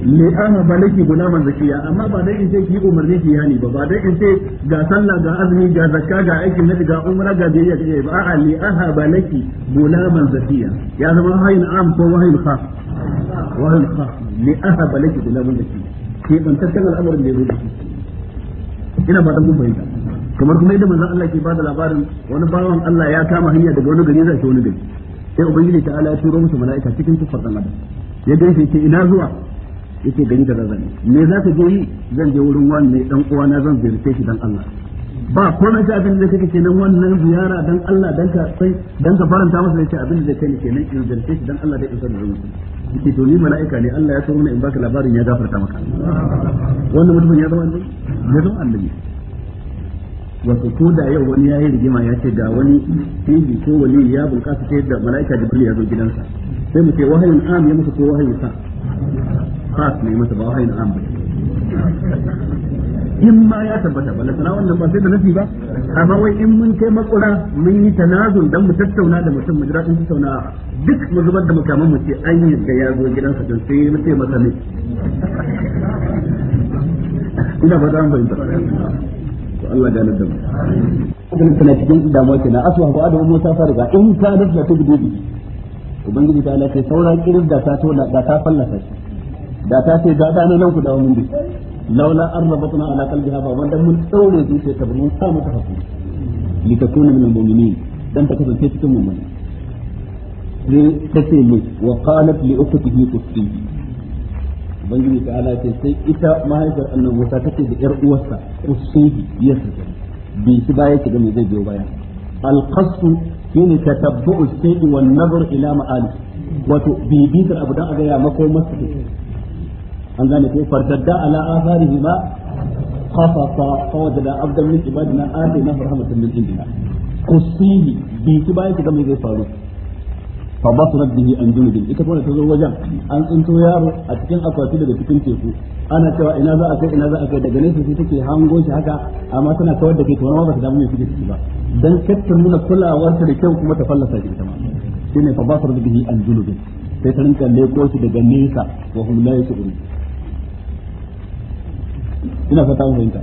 li aha balaki gulaman zakiya amma ba dai in ce ki umarni ki yani ba ba dai in ce ga sallah ga azumi ga zakka ga aikin nabi ga umra ga biyayya ga ba a li aha balaki gulaman zakiya ya zama wahayin am ko wahayin khas wahayin khas li aha balaki gulaman zakiya ke ban tattalin al'amarin da ya zo da shi ina ba ta kun fahimta kamar kuma yadda manzon Allah ke bada labarin wani bawan Allah ya kama hanya daga wani gari zai wani gari sai ubangiji ta ala turo musu mala'ika cikin tuffar dan adam ya sai ce ina zuwa yake gani da razani me za ka je yi zan je wurin wani ne dan uwa na zan ziyarce shi dan Allah ba komai ci abin da kake kenan wannan ziyara dan Allah dan ka sai dan ka faranta masa yace abin da kai kenan in ziyarce shi dan Allah da isa da zuwa yake to ni mala'ika ne Allah ya so mana in baka labarin ya gafarta maka wannan mutumin ya zama annabi ya zama annabi wato ko da yau wani ya yi rigima ya ce ga wani fihi ko wani ya bunƙasa ta yadda mala'ika jibril ya zo gidansa sai mu ce wahayin am ya muka ko wahayin sa khas ne masa ba wahayin am ba in ma ya tabbata ba sana wannan ba sai da nafi ba amma wai in mun kai makura mun yi tanazul dan mu tattauna da mutum mu jira in tattauna duk mu zubar da mukaman mu ce an yi ga ya zo gidansa don sai mu ce masa ne ina ba za mu bayyana Allah ganar da mu kuma cikin damuwa kenan aswa ba da Musa fariga in ka da ta gudu ubangiji ta Allah sauran irin da ta tona da ta fallasa shi da ta ce da nan ku dawo mun bi laula ala mun daure ta mun sa mata hakuri litakuna min al dan ta kasance cikin mu'mini wa qalat li ukhtihi tusbihi ubangiji ta ala ce sai ita mahaifiyar annabi Musa take da yar uwarsa usuhi ya sake bi shi baya ki ga me zai biyo baya al-qasdu shine tatabbu'u shay'i wan nazar ila ma'ali wato bibitar abu dan aga ya mako masa an gane ko fardadda ala atharihi ma qasasa fawajada abdan min ibadina atina rahmatan min indina qusihi bi shi baya ki ga me zai faru fa basurat bihi an junubin ita kuma ta zo wajen an tsinto yaro a cikin akwati daga cikin teku ana cewa ina za a kai ina za a kai daga nesa sai take hango shi haka amma tana kawar da kai to ma ba ta damu mai fike ciki ba dan kattar nuna kulawar ta da kyau kuma ta fallasa shi ita ma shine fa basurat bihi an junubin sai ta rinka leko shi daga nesa wa hum la ina fata mun fahimta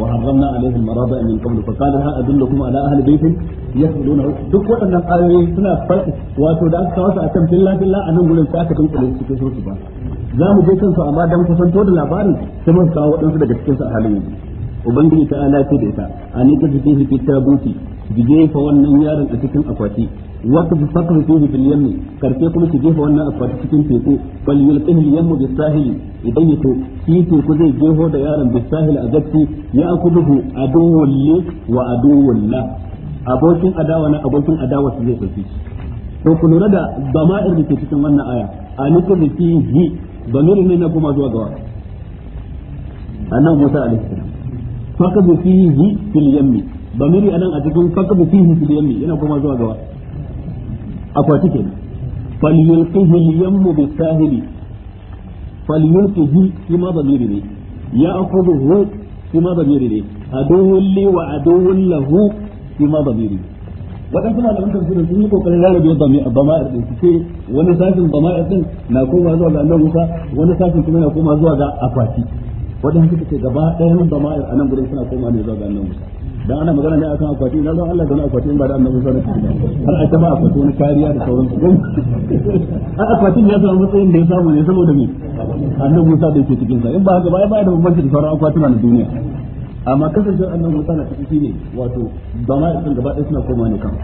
wa harramna alaihim marada min qabl fa qala ha adullukum ala ahli baitin yasduna duk waɗannan ayoyi suna farki wato da aka kawo su akan billah billah anan gurin sai aka kankare su cikin su ba za mu je kan su amma dan kusanto da labarin sai mun kawo waɗansu daga cikin su a halin ubangiji ta ala ce da ita an yi ta fi kitabuti bige wannan a cikin akwati waqad faqahu fihi bil yammi karfe kuma su jefa wannan akwati cikin teku bal yulqihi al yammu bis sahili idan yato shi teku zai jeho da yaron bis sahili a gatti ya akuduhu aduwwul li wa aduwwul la abokin adawa na abokin adawa su zai sauke to ku lura da bama'ir da ke cikin wannan aya aliku da fihi damirin ne na kuma zuwa gawa annabi Musa alaihi salam faqad fihi fil yammi damiri anan a cikin faqad fihi fil yammi yana kuma zuwa gawa akwati kenan falyulqihi al-yammu bis falyulqihi shi ma ne ya'khudhuhu shi ma zamiri ne aduwwun li wa aduwwun lahu shi ma zamiri waɗansu malaman tafsirin sun yi kokarin rarrabe dama'ir din sai wani sashin dama'ir din na koma zuwa ga annabi Musa wani sashin kuma na koma zuwa ga akwati waɗansu suka ce gaba ɗayan dama'ir anan nan gurin suna koma ne zuwa ga annabi Musa dan ana magana ne akan akwati na don Allah da akwati in ba da annabi sallallahu alaihi wasallam har a ta ba akwati wani kariya da sauran su a akwatin ya samu matsayin da ya samu ne saboda me annabi Musa da yake cikin sa in ba haka ba ba da bambanci da sauran akwatuna na duniya amma kasancewar annabi Musa na cikin shine wato dama sun gaba ɗaya suna komawa ne kan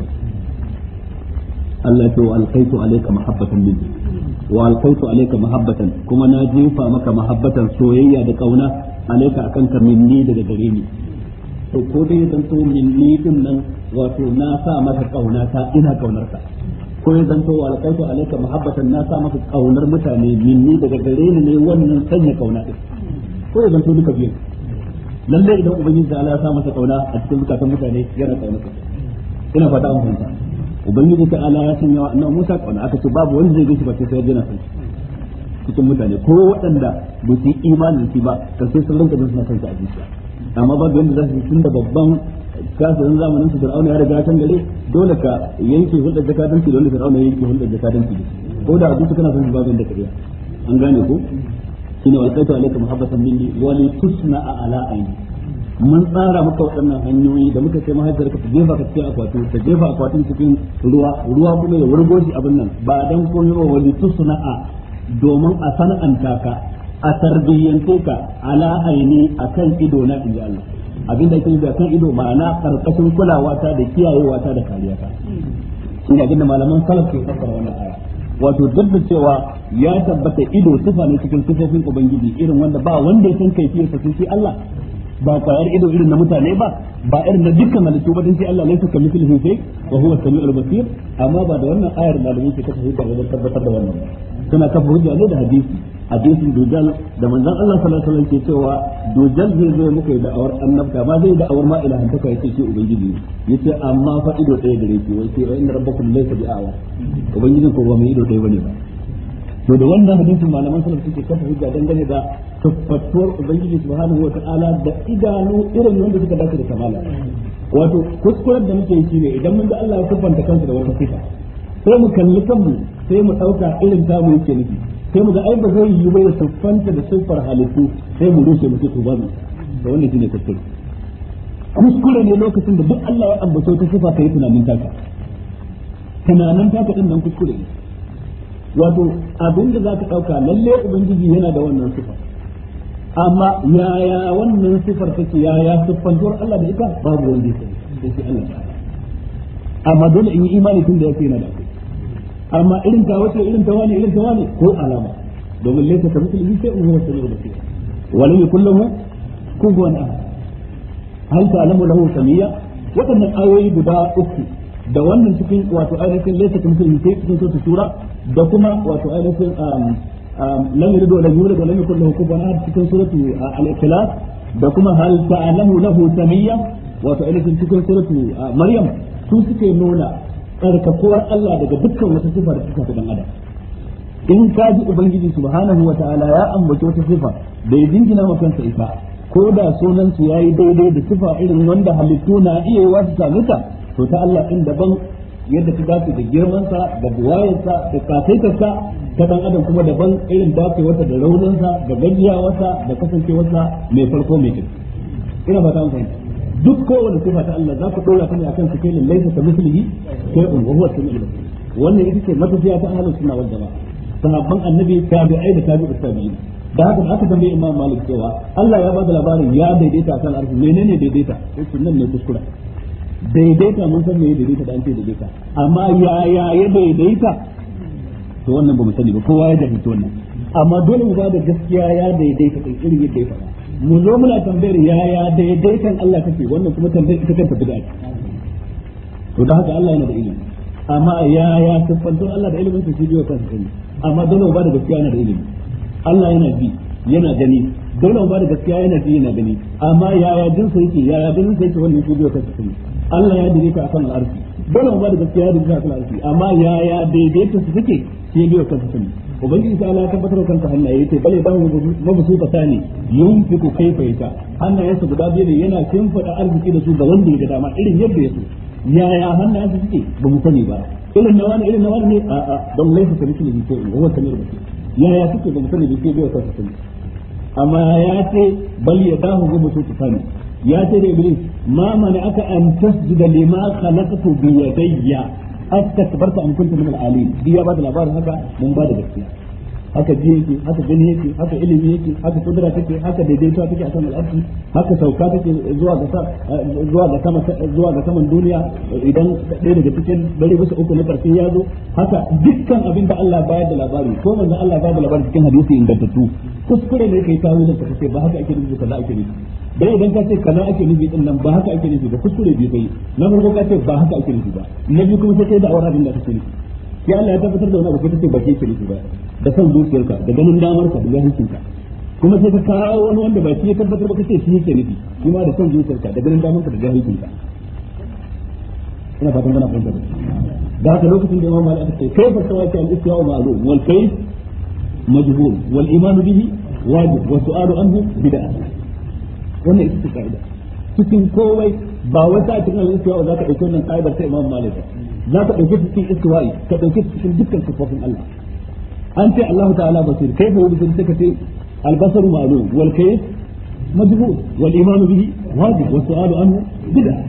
Allah ya ce wa alqaitu alayka mahabbatan minni wa alqaitu alayka mahabbatan kuma na jefa maka mahabbatan soyayya da kauna alayka akan ka minni daga gare ni to ko dai ya zanto min ni din nan wato na sa maka kauna ta ina kaunar ka ko ya zanto wa alqaitu alayka mahabbatan na sa maka kaunar mutane min ni daga gare ni ne wannan sanya kauna din ko ya zanto duka biyu lalle idan ubangiji da Allah ya sa masa kauna a cikin zukatan mutane yana kauna ka ina fata an fahimta ubangiji ta Allah ya sanya wa annabi Musa kauna aka ce babu wanda zai gishi ba sai sai yana sanya cikin mutane ko waɗanda ba su yi imani shi ba kan sai sun rinka jin suna sanci a zuciya amma babu wanda za su tun da babban kasarin zamanin su fir'auna ya riga can gare dole ka yanke hulɗar jakadanci dole fir'auna ya yanke hulɗar jakadanci ko da abu kana son babin da kariya an gane ko shine walqaitu alaikum muhabbatan minni wa li tusna ala ayni mun tsara maka waɗannan hanyoyi da muka ce mahaifiyar ka jefa ka cikin akwati ta jefa akwatin cikin ruwa ruwa kuma ya wurgo shi abin nan ba dan koyo wa li tusna domin a sana'anta ka a tarbiyyance ka ala aini a kan ido na in Allah abinda yake da kan ido ma'ana karkashin kulawa ta da kiyayewa ta da kariya ta shi ne da malaman salaf ke fassara wannan aya wato duk da cewa ya tabbata ido sifa ne cikin sifofin ubangiji irin wanda ba wanda ya san kaifiyarsa sa sai Allah ba kwayar ido irin na mutane ba ba irin na dukkan halittu ba din sai Allah laisa kamithlihi shay wa huwa samiul basir amma ba da wannan ayar da malamin ke kafa hujja wajen tabbatar da wannan suna kafa hujja ne da hadisi hadisin dujal da manzon Allah sallallahu alaihi wasallam ke cewa dujal zai zo muku da awar annabta ba zai da awar ma ilahan ta kai ce ubangiji yace amma fa ido ɗaya gare ki wai sai inna rabbakum laysa bi'awa ubangijin ko ba mai ido daya bane ba to da wannan hadisin malaman salaf suke kafa hujja dangane da tabbatuwar ubangiji subhanahu wataala da idanu irin wanda suka dace da kamala wato kuskuren da muke shi ne idan mun ga Allah ya kubanta kansa da wata sifa sai mu kalli kanmu sai mu dauka irin ta mu yake nufi sai mu ga ai ba zai yi ba ya siffanta da sifar halittu sai mu rushe mu ce to babu da wannan shine kuskure kuskure ne lokacin da duk Allah ya ambace ta sifa kai tunanin taka tunanin taka din nan kuskure ne wato abinda za ka ɗauka lalle ubangiji yana da wannan sifa amma yaya wannan sifar take yaya siffantuwar Allah da ita babu wanda ya sani sai Allah ta amma dole in yi imani tun da yake yana da akwai amma irin ta wace irin ta wani irin ta wani ko alama domin laysa ka mithlihi shay'un huwa as-sami'u basir wa ne kullum lahu kufuwan ahad hal ta'lamu lahu samiyya waɗannan ayoyi guda uku da wannan cikin wato ainihin laysa kamithlihi sai cikin sura sura da kuma wato ainihin um, um, lam yalid wa lam yulad wa lam yakul lahu kufuwan ahad cikin suratu uh, al-ikhlas da kuma hal ta'lamu lahu samiyya wato ainihin cikin suratu uh, maryam su suke nuna karkakuwar Allah daga dukkan wata sifar da suka dan adam in ka ji ubangiji subhanahu wa ta'ala ya ambaci wata sifa da ya jingina ma kansa ita ko da sunan su yayi daidai da sifa irin wanda halittu na iya wasu samuta to ta Allah din daban yadda ta dace da girmansa da buwayensa da kasaitarsa ta dan adam kuma daban irin dacewarsa da rauninsa da gajiyawarsa da kasancewarsa mai farko mai kyau. ina ba ta amfani duk kowane sifa ta Allah za ku dora ta ne akan su kai laisa ka mislihi sai un wa huwa samiul wannan ita ce matafiya ta ahlus suna wal ba sahabban annabi tabi'ai da tabi'ut tabi'in da haka aka tambaye imam malik cewa Allah ya ba da labarin ya daidaita akan arshi menene daidaita sai sunan ne kuskura daidaita mun san meye daidaita da an ce daidaita amma ya ya ya daidaita to wannan ba mu sani ba kowa ya jahilci wannan amma dole mu da gaskiya ya daidaita kai irin yadda ya faɗa mu zo muna tambayar ya ya daidaitan Allah kake wannan kuma tambayar ita kanta bid'a to da haka Allah yana da ilimi amma ya ya siffantun Allah da ilimin sa shi biyo kansa sani amma dole mu ba da gaskiya yana da ilimi Allah yana bi yana gani dole mu ba da gaskiya yana bi yana gani amma yaya jinsa yake yaya ganin yake wannan shi biyo kansa sani Allah ya dire ka akan al'arfi dole mu ba da gaskiya ya dire ka akan al'arfi amma ya ya daidaita su suke sai biyo kansa sani ubangiji ta Allah ya tabbatar kanta hannaye yace bale ba mu mabusu ta sani yunfiku kaifa yata hannaye su guda biyu ne yana fada arziki da su ga wanda ya dama irin yadda ya ya yaya ya su suke ba mu sani ba irin na wani irin na wani ne a a don laifin ka miki ne ko in huwa ba ya ya suke ba mu sani ba ke biyo kansa sani amma ya ce bal yadahu gubu su sani ya ce da iblis ma mana aka an tasjuda lima khalaqtu bi yadayya astakbarta an kunta min al-alim ya ba da labarin haka mun ba da gaskiya haka ji yake haka gani yake haka ilimi yake haka kudura take haka daidaituwa take akan al'adu haka sauka take zuwa ga zuwa ga sama zuwa ga saman duniya idan ɗaya daga cikin dare bisa uku na karshe ya zo haka dukkan abin da Allah bayar da labari ko manzo Allah bayar da labari cikin hadisi ingantattu kuskure ne kai tawo da kace ba haka ake nufi kaza ake nufi dan idan ka ce kaza ake nufi din nan ba haka ake nufi ba kuskure bai kai na farko ka ce ba haka ake nufi ba na biyu kuma sai kai da awara din da kake nufi si Allah ya tabbatar da wani abu kai take ba kai kiri ba da san zuciyarka da ganin damarka da hancinka kuma sai ka kawo wani wanda ba shi ya tabbatar ba kace shi yake nufi kuma da san zuciyarka da ganin damarka da jahilcinka ina fatan kana fahimta da haka lokacin da Imam Malik ya kai fa sawaki al-istiwa ma'lum wal kayf majhul wal iman bihi wajib wa su'alu anhu bid'ah wannan ita ka'ida cikin komai ba wata cikin al-istiwa za ka dauki wannan ka'idar ta Imam Malik لا تدوك في استوائي تدوك في دكة صفوف الله أنت الله تعالى بصير كيف هو بصير البصر معلوم والكيف مجهول والإيمان به واجب والسؤال عنه بدعة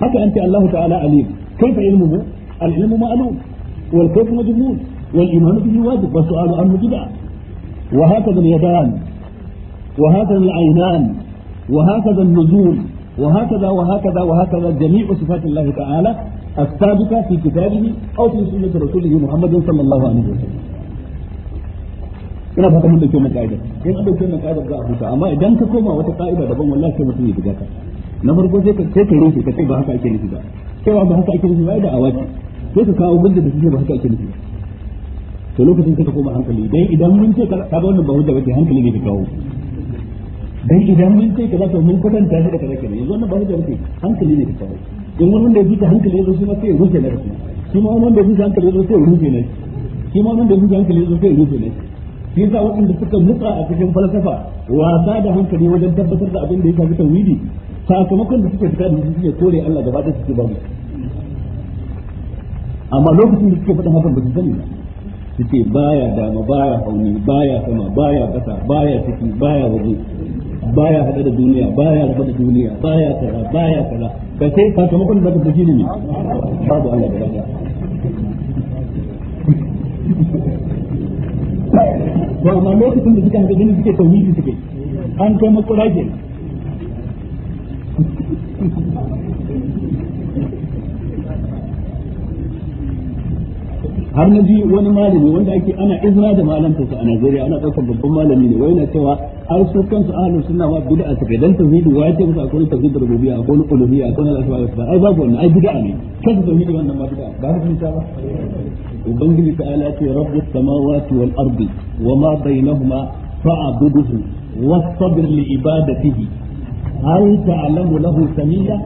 حتى أنت الله تعالى عليم كيف علمه؟ العلم معلوم والكيف مجهول والإيمان به واجب والسؤال عنه بدعة وهكذا اليدان وهكذا العينان وهكذا النزول وهكذا وهكذا وهكذا جميع صفات الله تعالى السابقة في كتابه أو في سنة رسوله محمد صلى الله عليه وسلم ina fata mun dauke wannan ka'idar in an dauke wannan ka'idar za a huta amma idan ka koma wata ka'ida daban wallahi sai mutum ya buga ka na farko sai ka sai ka rufe ka ce ba haka ake nufi ba cewa ba haka ake nufi ba da awaci sai ka kawo gudu da suke ba haka ake nufi ba to lokacin sai ka koma hankali dan idan mun ce ka ga wannan ba hujja bace hankali ne ka kawo dan idan mun ce ka za ka mun kwatanta shi da kaza kenan yanzu wannan ba hujja bace hankali ne ka kawo in wani wanda ya fita hankali ya zo shi ma sai ya rufe na shi shi ma wanda ya fita hankali ya zo sai ya rufe na shi ma wanda ya fita hankali ya zo sai ya rufe na shi yasa waɗanda suka nutsa a cikin falsafa wasa da hankali wajen tabbatar da abin da ya shafi tauhidi sakamakon da suke fita da shi suke kore Allah gaba ɗaya suke babu amma lokacin da suke faɗin hakan ba su sani ba suke baya dama baya hauni baya sama baya ƙasa baya ciki baya waje baya hada da duniya baya rabu da duniya baya kaza baya kaza kai sai ka kuma kun da zaka ji ne babu Allah da baka ba amma lokacin da kika hada gani suke tauhidi suke an kai matsala har na biyu wani malami wanda ake ana izra da malantarsa a Najeriya ana ɗaukar babban malami ne wai na cewa har su kansu ahlus sunna ma bid'a suka dan tauhidi wa yake musu akwai tauhid rububiyya akwai uluhiyya akwai al-asma wa sifat ai babu wannan ai bid'a ne kansu tauhidi wannan ma bid'a ba su ta ba ubangiji ta ala ce rabbus samawati wal ardi wa ma bainahuma fa'buduhu wastabir li ibadatihi hal ta'lamu lahu samiyya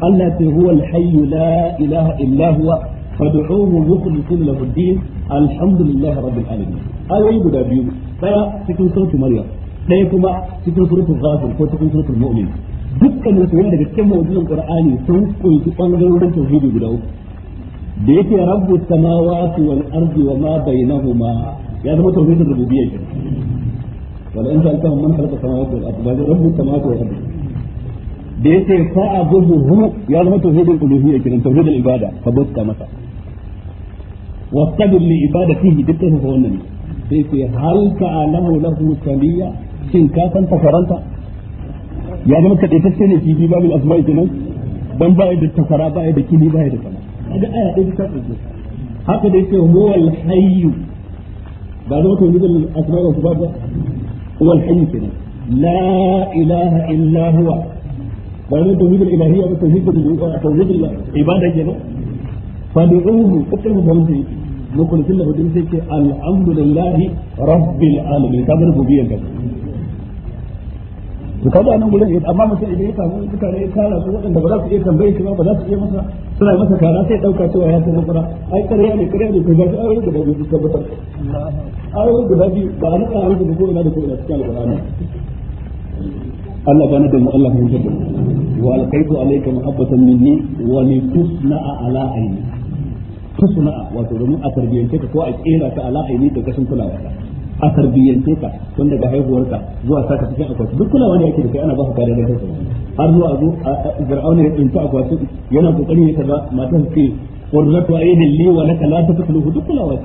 Allah ce huwa al-hayy la ilaha illa huwa fad'uhu mukhlisin lahu ad-din alhamdulillahi rabbil alamin ayoyi guda biyu daya cikin suratul maryam daya kuma cikin suratul ghafir ko cikin suratul mu'min dukkanin su daga cikin mawdu'in qur'ani sun kunshi bangarorin tauhidi guda uku da yake rabbu samawati wal ardi wa ma bainahuma ya zama tauhidin rububiyya ke wala in sa'altahum man khalaqa samawati wal ardi bal rabbu samawati wal ya zama tauhidin uluhiyya ke tauhidin ibada ka bauta masa wasabir li ibadatihi dukkan ko wannan sai ku hal ta'alahu lahu samiya shin ka san tafaranta ya zama ka tace ne fi babil asma'i kenan dan ba da tafara ba da kini ba da kana kaga aya ɗaya ta tsaye haka da yake huwal hayyu ba zama to gidan asma'i wa kubaba huwal hayyu kenan la ilaha illa ba ba ibada mukhlisin lahu din sai ce alhamdulillahi rabbil alamin kamar gobiyan ka to kaga nan gurin amma mutum idan ya samu mutane ya kara su waɗanda ba za su iya tambaye shi ba za su iya masa suna masa kara sai dauka cewa ya san makara ai ƙarya ne ƙarya ne ko ba shi aure guda biyu su tabbatar aure guda biyu ba a naka aure guda ko ina da Allah gane da mu Allah wa alqaitu alayka mahabbatan minni wa litusna'a ala ayni tusna'a wato domin a tarbiyyance ka ko a kera ta ala aini da kashin kulawa ka a tarbiyyance ka tun daga haihuwarka zuwa ka cikin akwati duk kulawa ne yake da kai ana ba ka kare da kansa har zuwa zo ne ya tsinta akwati yana kokarin ya kaza matan ce qurratu aynin li wa laka la tafsuluhu duk kulawa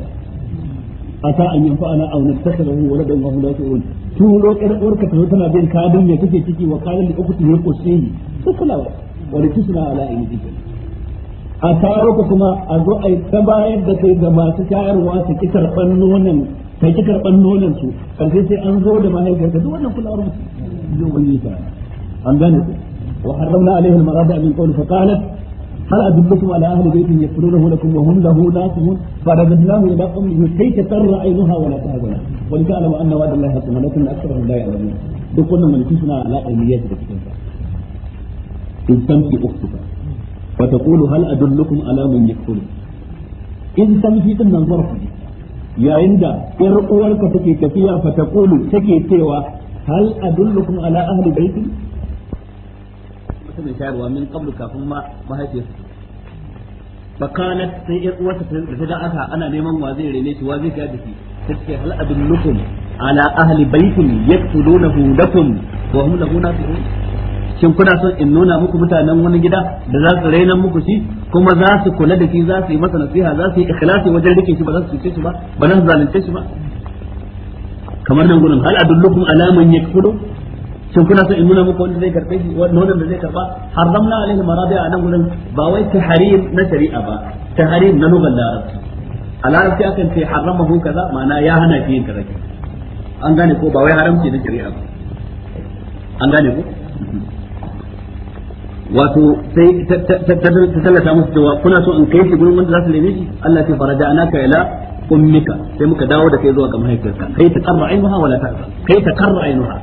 a asa an auna ta nattakhidhu wa ladan wa hum la wani tun lokacin uwarka ta zo tana bin kadin ya kake ciki wa kadin da uku ta yi kosiyi duk kulawa wani litusna ala ainihi a taro kuma a zo a ta bayar da kai ga masu shayarwa su ki karɓan nonon ka ki karɓan nonon su karshe sai an zo da mahaifiyar ka duk wannan kulawar musu zai wani ta an gane ku wa harramna alaihi al-marada min qawl fa qalat هل أدلكم على أهل بيت يكفلونه لكم وهم له ناصحون فرددناه إلى أمه كي تقر عينها ولا تهزن ولتعلم أن وعد الله حق ولكن أكثرهم لا يعلمون دقلنا من كسنا على علميات الكتاب In تمشي أختك fa taqulu hal adullukum ala man yakfulu in tamhi din nan yayin da yar uwarka take tafiya fa taqulu take cewa hal adullukum ala ahli baiti mutumin shayarwa min kafin فقالت sai ƴar uwarta da ta ga aka ana neman wa zai rene shi wa zai ga dashi take hal adullukum ala ahli baitin yaktudunahu wa shin kuna son in nuna muku mutanen wani gida da za su raina muku shi kuma za su kula da shi za su yi masa nasiha za su yi ikhlasi wajen rike shi ba za su cuce shi ba ba za su zalunce shi ba kamar nan gurin hal adullukum ala man yakfuru shin kuna son in nuna muku wanda zai karbe shi wanda da zai karba haramna alaihi marabi'a nan gurin ba wai tahrim na shari'a ba tahrim na lugar larabci a larabci akan ce haramahu kaza ma'ana ya hana shi yin rage an gane ko ba wai haramci na shari'a ba an gane ko wato sai ta tallata musu cewa kuna so in kai shi gurin wanda za su neme shi Allah ce faraja anaka ila ummika sai muka dawo da kai zuwa ga mahaifiyarka kai ta karra ainuha wala ta kai ta karra ainuha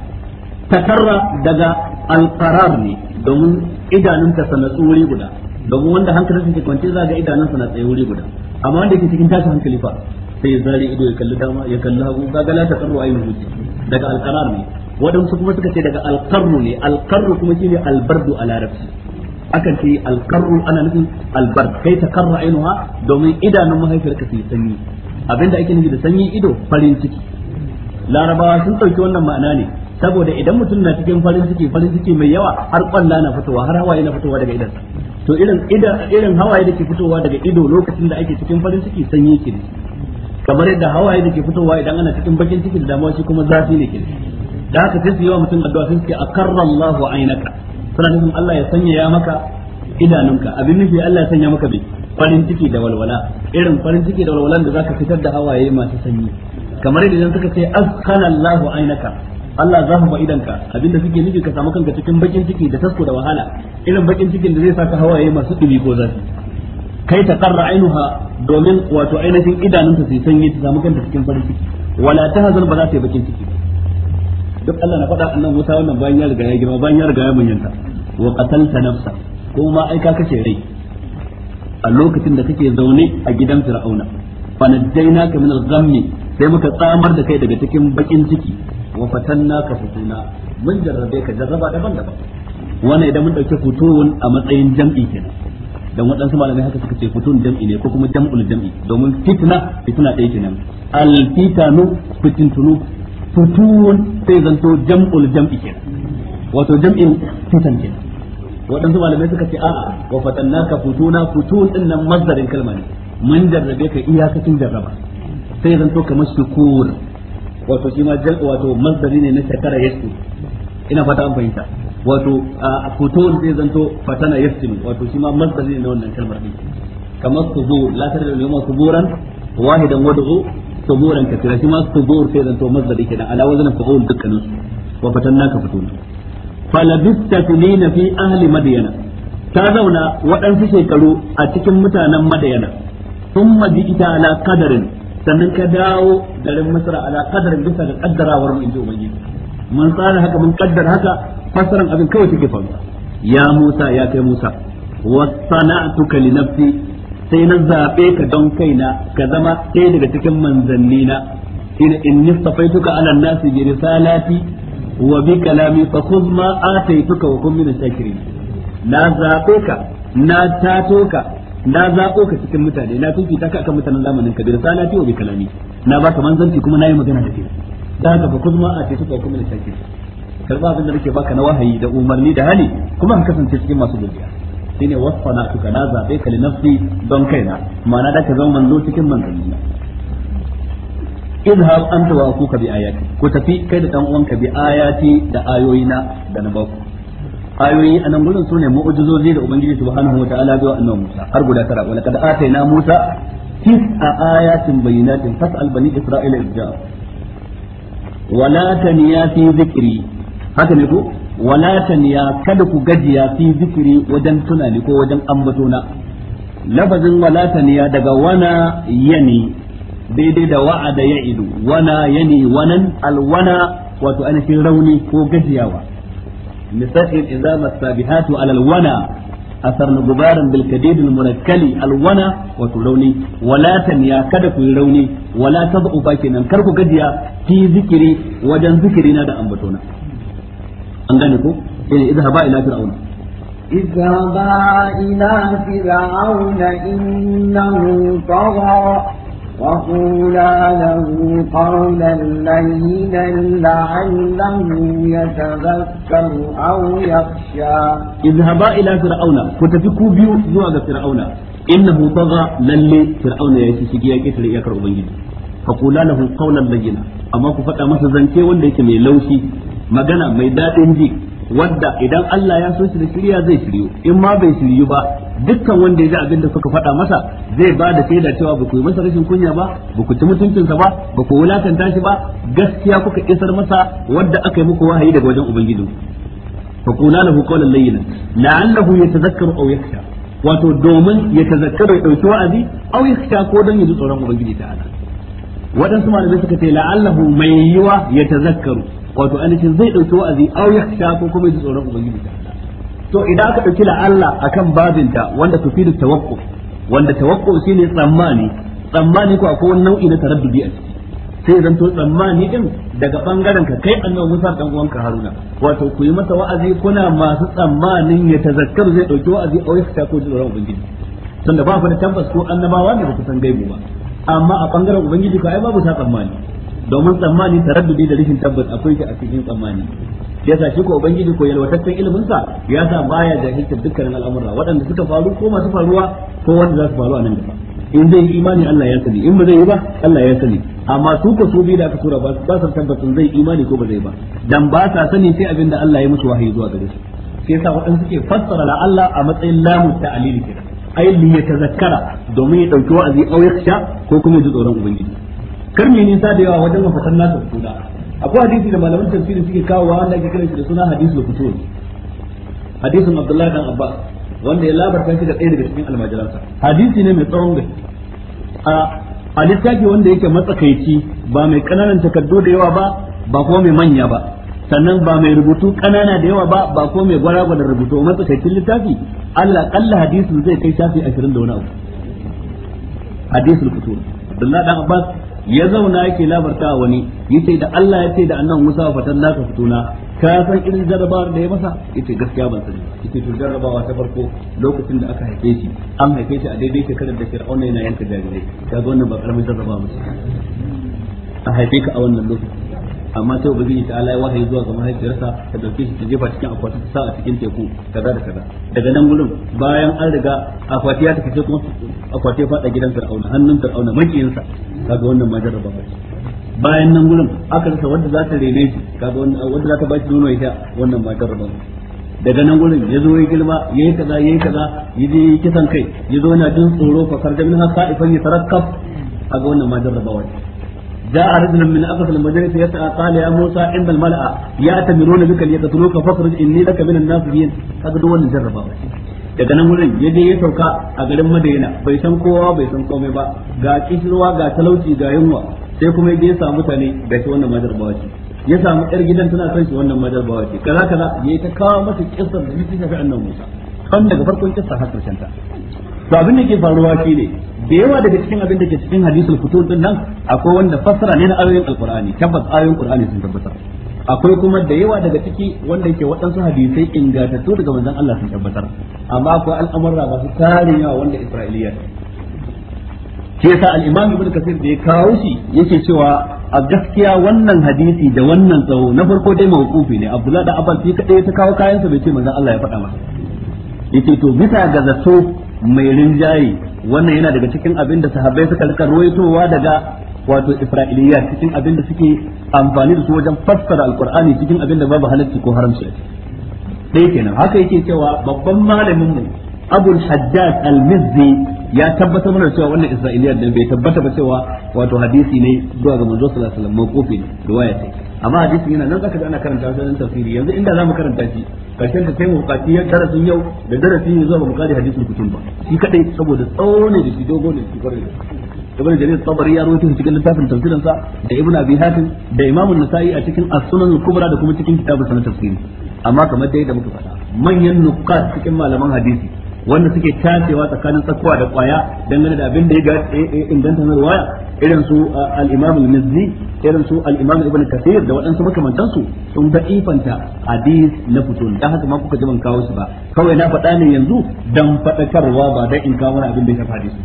ta karra daga alqarar ne domin idanun ta sana tsuri guda domin wanda hankalin ke kwance za ga idanunsa na tsaye wuri guda amma wanda yake cikin tashin hankali fa sai ya zare ido ya kalli dama ya kalli hagu kaga la ta karra ainuhu daga alqarar ne waɗansu kuma suka ce daga alqarru ne alqarru kuma shine albardu a larabci akan ce alqarru ana nufin albard kai ta karra ainuha domin idanun mahaifiyarka su yi sanyi abinda ake nufi da sanyi ido farin ciki larabawa sun ɗauki wannan ma'ana ne saboda idan mutum na cikin farin ciki farin ciki mai yawa har kwalla na fitowa har hawaye na fitowa daga idan, to irin irin hawaye dake fitowa daga ido lokacin da ake cikin farin ciki sanyi ke kamar yadda hawaye da ke fitowa idan ana cikin bakin ciki da damuwa shi kuma zafi ne ke da haka sai yawa mutum addu'a sun su ce akarra Allahu ainaka suna nufin Allah ya sanya ya maka idanunka abin nufi Allah ya sanya maka bi farin ciki da walwala irin farin ciki da walwalan da zaka fitar da hawaye masu sanyi kamar idan suka ce azkana Allahu ainaka Allah za mu abin da suke nufi ka samu kanka cikin bakin ciki da tasko da wahala irin bakin cikin da zai saka hawaye masu dumi ko zafi kai ta karra ainuha domin wato ainihin idanunta sai sanyi ta samu kanta cikin farin ciki wala ta hazan ba za ta yi bakin ciki duk Allah na faɗa annan Musa wannan bayan ya riga ya girma bayan ya riga ya munyanta wa qatalta nafsa kuma ai ka kace rai a lokacin da kake zaune a gidan Fir'auna fa ka min al-ghammi sai muka tsamar da kai daga cikin bakin ciki wa ka futuna mun jarrabe ka jarraba daban-daban wannan idan mun dauke futun a matsayin jam'i kenan dan waɗansu malamai haka suka ce futun jam'i ne ko kuma jam'ul jam'i domin fitna fitna ɗaya kenan al fitanu fitintunu futun sai zanto jam'ul jam'i ke wato jam'in fitan ke waɗansu malamai suka ce a'a wa fatanna ka futuna futun din nan mazarin kalma ne mun jarrabe ka iyakacin jarraba sai zanto kamar shukur wato shi ma wato mazari ne na shakara yasu ina fata an fahimta wato a futun sai zanto fatana yasin wato shi ma mazari ne na wannan kalmar din kamar su la latar da yawma kuburan wahidan wad'u suburan katira shi ma subur sai zanto masdari kenan ala wazna fa'ul dukkanin su wa fito. fatuna falabista sinina fi ahli madiyana ta zauna waɗansu shekaru a cikin mutanen madiyana sun maji ita ala kadarin sannan ka dawo garin masar ala kadarin bisa ga kaddarawar mu inji ubangiji mun tsara haka mun kaddara haka fasaran abin kawai take faruwa ya musa ya kai musa wasana'tuka li nafsi sai na zaɓe ka don kaina ka zama ɗaya daga cikin manzanni na ina in nistafaituka ala nasi bi risalati wa bi kalami fa khudh ma ataituka wa kun min shakirin na zabe ka na tato ka na zabo ka cikin mutane na fifita ka akan mutanen zamanin ka bi risalati wa bi kalami na ba ka manzanci kuma na yi magana da kai da haka fa khudh ma ataituka wa kun min shakirin karba abin da nake baka na wahayi da umarni da hali kuma ka kasance cikin masu godiya shine wasfana tuka na zabe ka nafsi don kaina ma'ana da ka zama manzo cikin manzanni idhab anta wa akuka bi ayati ku tafi kai da dan uwanka bi ayati da ayoyina da na baku ayoyi anan gurin sune mu'jizozi da ubangiji subhanahu wa ta'ala ga annabi Musa har guda tara wala kad atayna Musa tis'a ayatin bayyinatin fas'al bani isra'ila idza wala taniya fi dhikri haka ne ku. wala kada ku gajiya fi zikiri wajen tunani ko wajen ambatona lafazin wala daga wana yani daidai da wa'ada ya idu wana yani wanan alwana wato ainihin rauni ko gajiyawa misaqil idza sabihatu ala alwana asar gubaran bil kadid al alwana wato rauni wala niya kada ku rauni wala tad'u kenan kar ku gajiya fi zikiri wajen zikirina da ambatona an gane ko eh idha ba ila ina idha ba ila fir'aun innahu tagha wa qula lahu qawlan layyinan la'allahu yatadhakkaru aw yakhsha idhaba ila fir'auna ku tafi ku biyu zuwa ga fir'auna innahu tagha lalle fir'auna ya shi shige ya kitare ya karu ubangiji faqula lahu qawlan layyina amma ku faɗa masa zance wanda yake mai laushi magana mai daɗin ji wanda idan Allah ya so shi da shirya zai shiryu in ma bai shiryu ba dukkan wanda ya ji abin da suka faɗa masa zai ba da shaida cewa ba ku yi masa rashin kunya ba ba ku ci mutuncinsa ba ba ku wulakanta shi ba gaskiya kuka isar masa wanda aka yi muku wahayi daga wajen ubangiji fa Na lahu qawlan layyinan la'allahu wato domin ya tazakkara ya dauki wa'azi aw ko don ya ji tsoron ubangiji ta'ala waɗansu malamai suka ce la'allahu mai yiwa ya tazakkaru wato ainihin zai ɗauki wa'azi au ya sha ko kuma ya tsoron ubangiji to idan aka ɗauki la'alla akan babinta wanda tufidu tawakko, wanda tawakko shi ne tsammani tsammani ko akwai wani nau'i na taraddudi a ciki sai zan to tsammani din daga bangaren ka kai annabi Musa dan uwanka Haruna wato ku yi masa wa'azi kuna masu tsammanin ya tazakkaru zai ɗauki wa'azi au ya sha ko tsoron ubangiji Sanda ba ku da tabbas ko annabawa ne ba ku san gaibu ba amma a bangaren ubangiji ko ai babu ta tsammani domin tsammani taraddudi da rashin tabbas akwai shi a cikin tsammani yasa shi ko ubangiji ko yalwataccen ilimin sa yasa baya jahilta dukkanin al'amura waɗanda suka faru ko masu faruwa ko wanda za su faru a nan gaba in zai yi imani Allah ya sani in ba zai yi ba Allah ya sani amma su ko su bi da aka tura ba su tabbatun zai imani ko ba zai ba dan ba sa sani sai abin da Allah ya musu wahayi zuwa gare su sai sa waɗanda suke fassara la Allah a matsayin lamu ta'alili kenan ai li yatazakkara domin ya dauki wa'azi aw yakhsha ko kuma ya ji tsoron ubangiji kar me nisa da yawa wajen mafatan nasu suna akwai hadisi da malaman tafsiri suke kawo Allah ya kira shi da suna hadisul futul hadisin Abdullahi dan abba wanda ya labarta shi da ɗaya daga cikin almajiransa hadisi ne mai tsawon gaske a littafi wanda yake matsakaici ba mai kananan takardu da yawa ba ba ko mai manya ba sannan ba mai rubutu kanana da yawa ba ba ko mai gwaragwadon rubutu matsakaicin littafi Allah kalla hadisin zai kai shafi 20 da wani abu hadisul futur Abdullah dan Abbas ya zauna yake labarta wani yace da Allah ya ce da annan Musa fatan naka fituna ka san irin jarrabawar da ya masa yace gaskiya ban sani yace to jarrabawa ta farko lokacin da aka haife shi an haife shi a daidai shekarar da Fir'auna yana yanka jarirai kaga wannan ba karamin jarrabawa ba a haife ka a wannan lokacin amma sai ubangiji ta Allah ya wahayi zuwa ga mahaifiyarsa ta dauke shi ta jefa cikin akwati ta sa a cikin teku kaza da kaza daga nan gurin bayan an riga akwati ya tafi sai kuma akwati ya fada gidan Fir'auna hannun Fir'auna makiyinsa kaga wannan ma jarraba ba bayan nan gurin aka rasa wanda za ta rene shi kaga wanda za ta ba shi nono ya sha wannan ma jarraba ba daga nan gurin ya zo ya girma ya yi kaza ya yi kaza ya je kisan kai ya zo yana jin tsoro fa sarjamin haka ifan ya tarakkab kaga wannan ma jarraba ne جاء رجل من أقصى المدينة يسعى قال يا موسى عند الملأ يأتمرون بك ليقتلوك فاخرج إني لك من الناصحين هذا دول نجربه daga nan wurin ya je ya sauka a garin madaina bai san kowa bai san komai ba ga kishirwa ga talauci ga yunwa sai kuma ya je ya samu mutane ga shi wannan madar bawaci ya samu yar gidan tana son shi wannan madar bawaci kaza kaza ya yi ta kawo masa kissar da ta shafi annan Musa kan daga farkon kissa har karshen ta to abin da ke faruwa shine da yawa daga cikin abin da ke cikin hadisul kutub din nan akwai wanda fassara ne na ayoyin alqur'ani tabbas ayoyin qur'ani sun tabbatar akwai kuma da yawa daga ciki wanda yake waɗansu hadisai ingantattu daga manzon Allah sun tabbatar amma akwai al'amurra masu tarin yawa wanda Isra'iliya ke sa al-Imam Ibn Kathir da ya kawo shi yake cewa a gaskiya wannan hadisi da wannan tsawo na farko dai mawqufi ne Abdullah da Abbas shi kadai ta kawo kayan sa bai ce manzon Allah ya faɗa masa yake to bisa ga zato mai rinjaye wannan yana daga cikin abin da sahabbai suka rika ruwaitowa daga wato isra'iliya cikin abin da suke amfani da su wajen fassara alqur'ani cikin abin da babu halarci ko haramci dai kenan haka yake cewa babban malamin mu abul hajjaj al-mizzi ya tabbatar mana cewa wannan isra'iliyar din bai tabbata ba cewa wato hadisi ne zuwa ga manzo sallallahu alaihi wasallam mawqufi ne riwaya ce amma hadisi yana nan zaka ga ana karanta shi nan tafsiri yanzu inda zamu karanta shi karshen ta sai mu bukaci ya darasin yau da darasi ne zuwa ga bukari hadisi kutun ba shi kadai saboda tsawo ne da shi dogo ne shi kwarai da ibn jarir tabari ya rawaito cikin littafin tafsirin sa da ibn abi hatim da imam an-nasa'i a cikin as-sunan al-kubra da kuma cikin kitabus sunan tafsiri amma kamar dai da muka faɗa manyan nuqat cikin malaman hadisi wanda suke tasewa tsakanin tsakuwa da kwaya dangane da abin da ya ga eh, eh, inganta na waya irin su al-Imam mizzi irin su al-Imam Ibn Kathir da waɗansu makamantan sun da ifanta hadis na fito dan haka ma kuka ji ban kawo su ba kawai na faɗa ne yanzu dan faɗakarwa ba dan in kawo abin da ya hadisi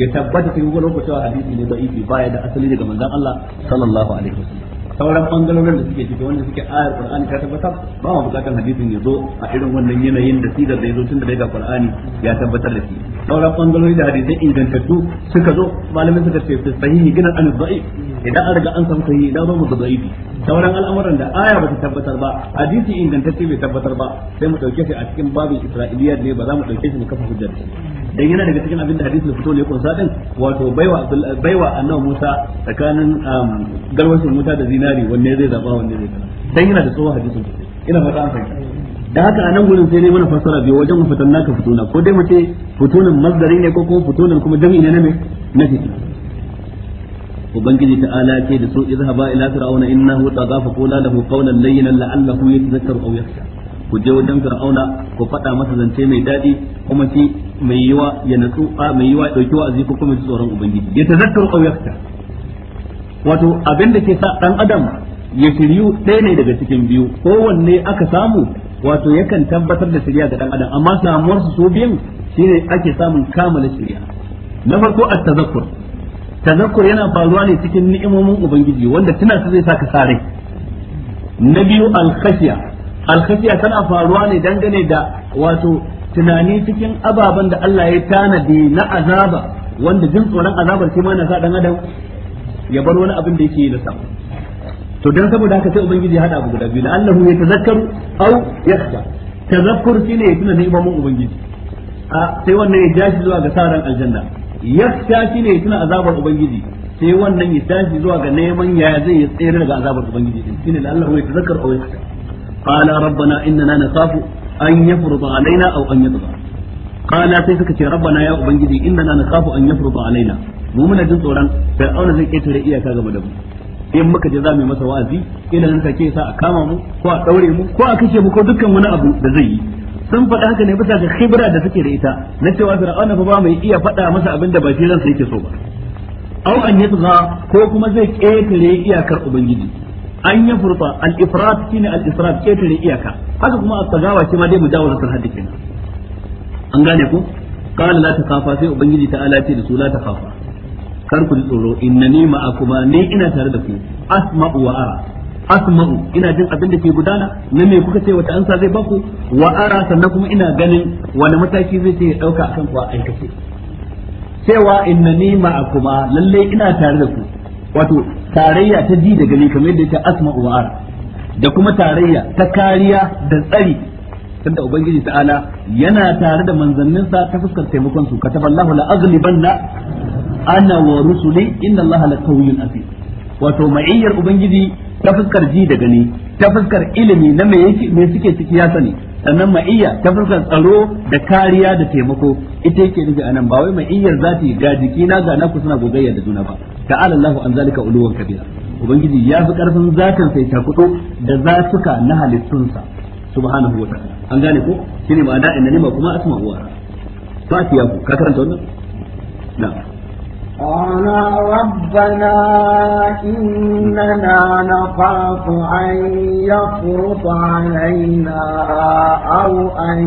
ya tabbata kai wani lokaci hadisi ne da ifi baya da asali daga manzon Allah sallallahu alaihi wasallam sauran bangarorin da suke cikin wanda suke ayar qur'ani ta tabbatar ba mu bukatar hadisin ya zo a irin wannan yanayin da sidar da yazo tun da daga qur'ani ya tabbatar da shi sauran bangarori da hadisi ingantattu suka zo malamin suka ce sahihi ginan an da'i idan an riga an samu sahihi idan mu da da'ifi sauran al'amuran da aya ba ta tabbatar ba hadisi ingantacce bai tabbatar ba sai mu dauke shi a cikin babin Isra'iliya ne ba za mu dauke shi mu kafa hujjar dan yana daga cikin abin da hadisin fito ne kun sadin wato baiwa baiwa annabi Musa tsakanin um, garwashin Musa da zinari wanne zai zaba wanne zai zaba dan yana da tsohon hadisin ina fata an fahimta da haka a nan gurin sai ne mana fassara biyu wajen fitan naka fituna ko dai mu ce fitunan masdari ne ko kuma fitunan kuma jami'i ne na me na fitina ubangiji ta ala ce da su izhaba ila fir'auna innahu tagha fa qula lahu qawlan layyinan la'allahu yatadhakkaru aw yakhsha ku je wajen fir'auna ku faɗa masa zance mai daɗi kuma shi mai yiwa ya natsu a mai yiwa dauki wa'azi ko kuma tsoron ubangiji yatadhakkaru aw yakhsha wato abinda ke sa dan adam ya shiryu ɗaya ne daga cikin biyu kowanne aka samu wato yakan tabbatar da shirya ga dan adam amma samuwar su biyan shine ake samun kamala shirya na farko at-tazakkur tazakkur yana faruwa ne cikin ni'imomin ubangiji wanda tuna su zai saka sare na biyu alkhashiya alkhashiya tana faruwa ne dangane da wato tunani cikin ababen da Allah ya tanadi na azaba wanda jin tsoron azabar shi na sa dan adam ya bar wani abin da yake yi na sa to dan saboda haka sai ubangiji ya hada abu guda biyu la'allahu yatazakkaru aw yakhsha tazakkur shine ya tuna ni'imomin ubangiji a sai wannan ya jashi zuwa ga saran aljanna ya tashi ne tuna azabar ubangiji sai wannan ya tashi zuwa ga neman ya zai ya tsere daga azabar ubangiji din shine da Allah ya tazakar aw ya qala rabbana innana nakhafu an yafruḍa alaina aw an yadhba qala sai suka ce rabbana ya ubangiji innana nakhafu an yafruḍa alaina mu muna jin tsoron fir'auna zai ketare iyaka game da mu in muka je za mu masa wa'azi ina nan take sa a kama mu ko a daure mu ko a kashe mu ko dukkan wani abu da zai yi sun faɗa haka ne bisa ga khibra da suke da ita na cewa fir'auna fa ba mai iya faɗa masa abin da ba shi ransa yake so ba aw an yatgha ko kuma zai ƙetare iyakar ubangiji an ya furta al-ifrat shine al-israf ƙetare iyaka haka kuma at-tagawa shi ma dai mujawara sun haddi kenan an gane ku, qala la takhafa sai ubangiji ta'ala ce da su la takhafa kar ku ji tsoro innani ma'akuma ni ina tare da ku asma'u wa ara asma'u ina jin abin da ke gudana na me kuka ce wata ansa zai baku wa ara sannan kuma ina ganin wani mataki zai ce ya dauka akan kuwa aikace cewa innani ma'akuma lalle ina tare da ku wato tarayya ta ji da gani kamar yadda ta asma'u wa ara da kuma tarayya ta kariya da tsari tunda ubangiji ta'ala yana tare da manzanninsa ta fuskar taimakon su kataballahu la aghlibanna ana wa rusuli inna allaha la aziz wato ma'iyyar ubangiji ta fuskar ji da gani ta fuskar ilimi na me suke ciki ya sani sannan ma'iyya ta fuskar tsaro da kariya da taimako ita yake nufi anan ba wai ma'iyyar zati ga na ga naku suna gogayya da juna ba ta'ala Allahu an zalika uluwan kabira ubangiji ya fi karfin zatin sai ta kudo da zatuka na halittunsa subhanahu ta'ala an gane ko shine ma'ana inna ma kuma asma'u wa fatiya ku ka karanta wannan na'am قالا ربنا إننا نخاف أن يفرط علينا أو أن